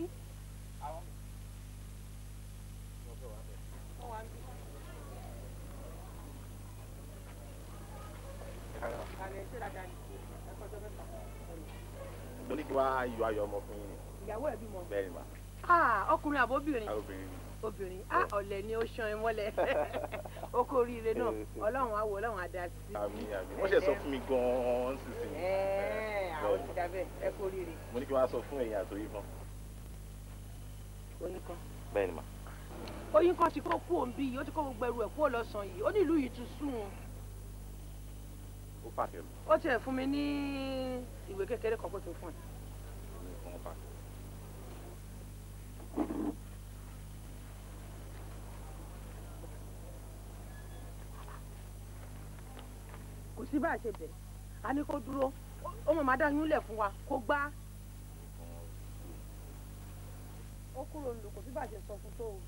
mo ní kí wàá yọ ayọ̀ ọmọ ni. ìyàwó ẹ̀ bímọ. bẹ́ẹ̀ ni ma. Ah, ọkùnrin àbóbìnrin. àbóbìnrin ni obìnrin á ah, eh. ọ̀lẹ̀ ni ó ṣan ẹ mọ́lẹ̀ ó kó oríire náà eh, eh. ọlọ́run á wò ọlọ́run á dá sí. àmì àmì wọ́n ṣe sọ fún mi gan-an sísìn. àwọn ti dábẹ́ ẹ kó oríire. mo ní kí wọ́n á sọ fún ẹ̀yìn àtòyí kan. oyin kan. bẹ́ẹ̀ni ma. oyin kan ti kó kú òǹbí yìí ó ti kó gbogbo ẹrù ẹ̀ kú òlọ́sàn yìí ó ní ìlú yìí tún sùn ó pàṣẹ lọ. ó tiẹ̀ fún mi ní ìwé kékeré kan pé kí n fún ẹ. kò sí bá a ṣe bẹ̀ a ní kó dúró ó mọ̀ máa dá yún lẹ̀ fún wa kó gbá. ó kúrò lò kò sí bá a ṣe sọ fún tó o.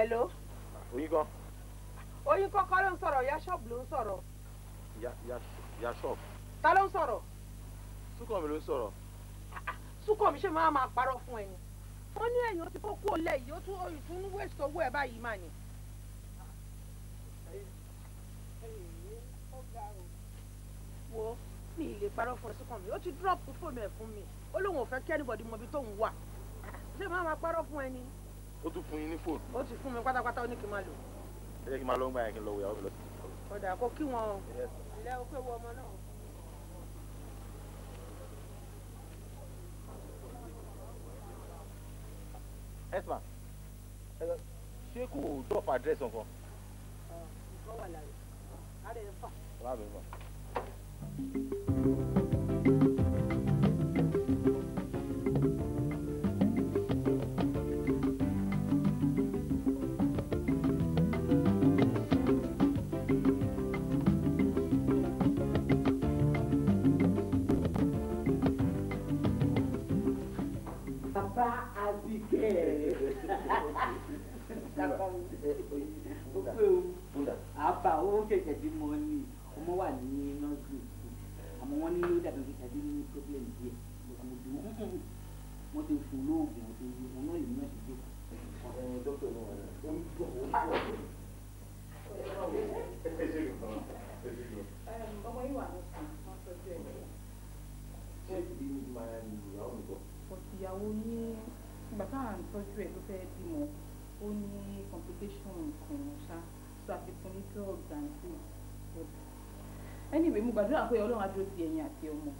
hello. oyin kan. oyin kan kọ́ ló ń sọ̀rọ̀ ìyá ṣọ́ọ̀bù ló ń sọ̀rọ̀. ìyá ṣọ́ọ̀bù. ta ló ń sọ̀rọ̀. súnkànmí ló ń sọ̀rọ̀. Ah, ah, súnkànmí ṣe máa máa parọ́ fún ẹni. wọ́n ní ẹ̀yìn ó ti kó kú olè yìí ó tún oyún tún wẹ̀sọ̀ owó ẹ̀ báyìí mà ní. wo mi ì lè parọ́ fún ẹ ó ti dúrọ́ọ̀pù fóònù ẹ̀ fún mi ó lóun ò fẹ́ kí anybody mọ ibi tóun wà ṣé máa máa parọ́ fún ẹni ó tún fún yín ní fóònù. ó ti fún mi pátápátá ó ní kí n máa lò. ẹ jẹ́ kí n máa lọ ń gbà yẹn kí n lọ wo ìyàwó mi lọ sí ìyàwó. ọ̀dà kó kí wọn o ilé o pé wo ọmọ náà. esma ṣé kò drop address nǹkan. ọ̀ wà lára rẹ̀ á lè fà. bá àbíkẹ́ rẹ̀ ó pé o àbá owó kẹ̀kẹ́ tí mo ní ọmọ wà ní nọ́ọ̀sì àmọ́ wọ́n ní ló dàbí kẹ̀kẹ́ tí ní problem díẹ̀ mo ti wọ́n ti fún lóògùn mo ti wọ́n náà lè ní ọ̀sẹ̀ díẹ̀. tọ́jú ẹ̀ ló fẹ́ẹ́ bímọ ó ní complication kan ṣá so àti fún ní drug and food anyway mo gbàdúrà pé ọlọ́run á dúró ti ẹ̀yìn àti ọmọ.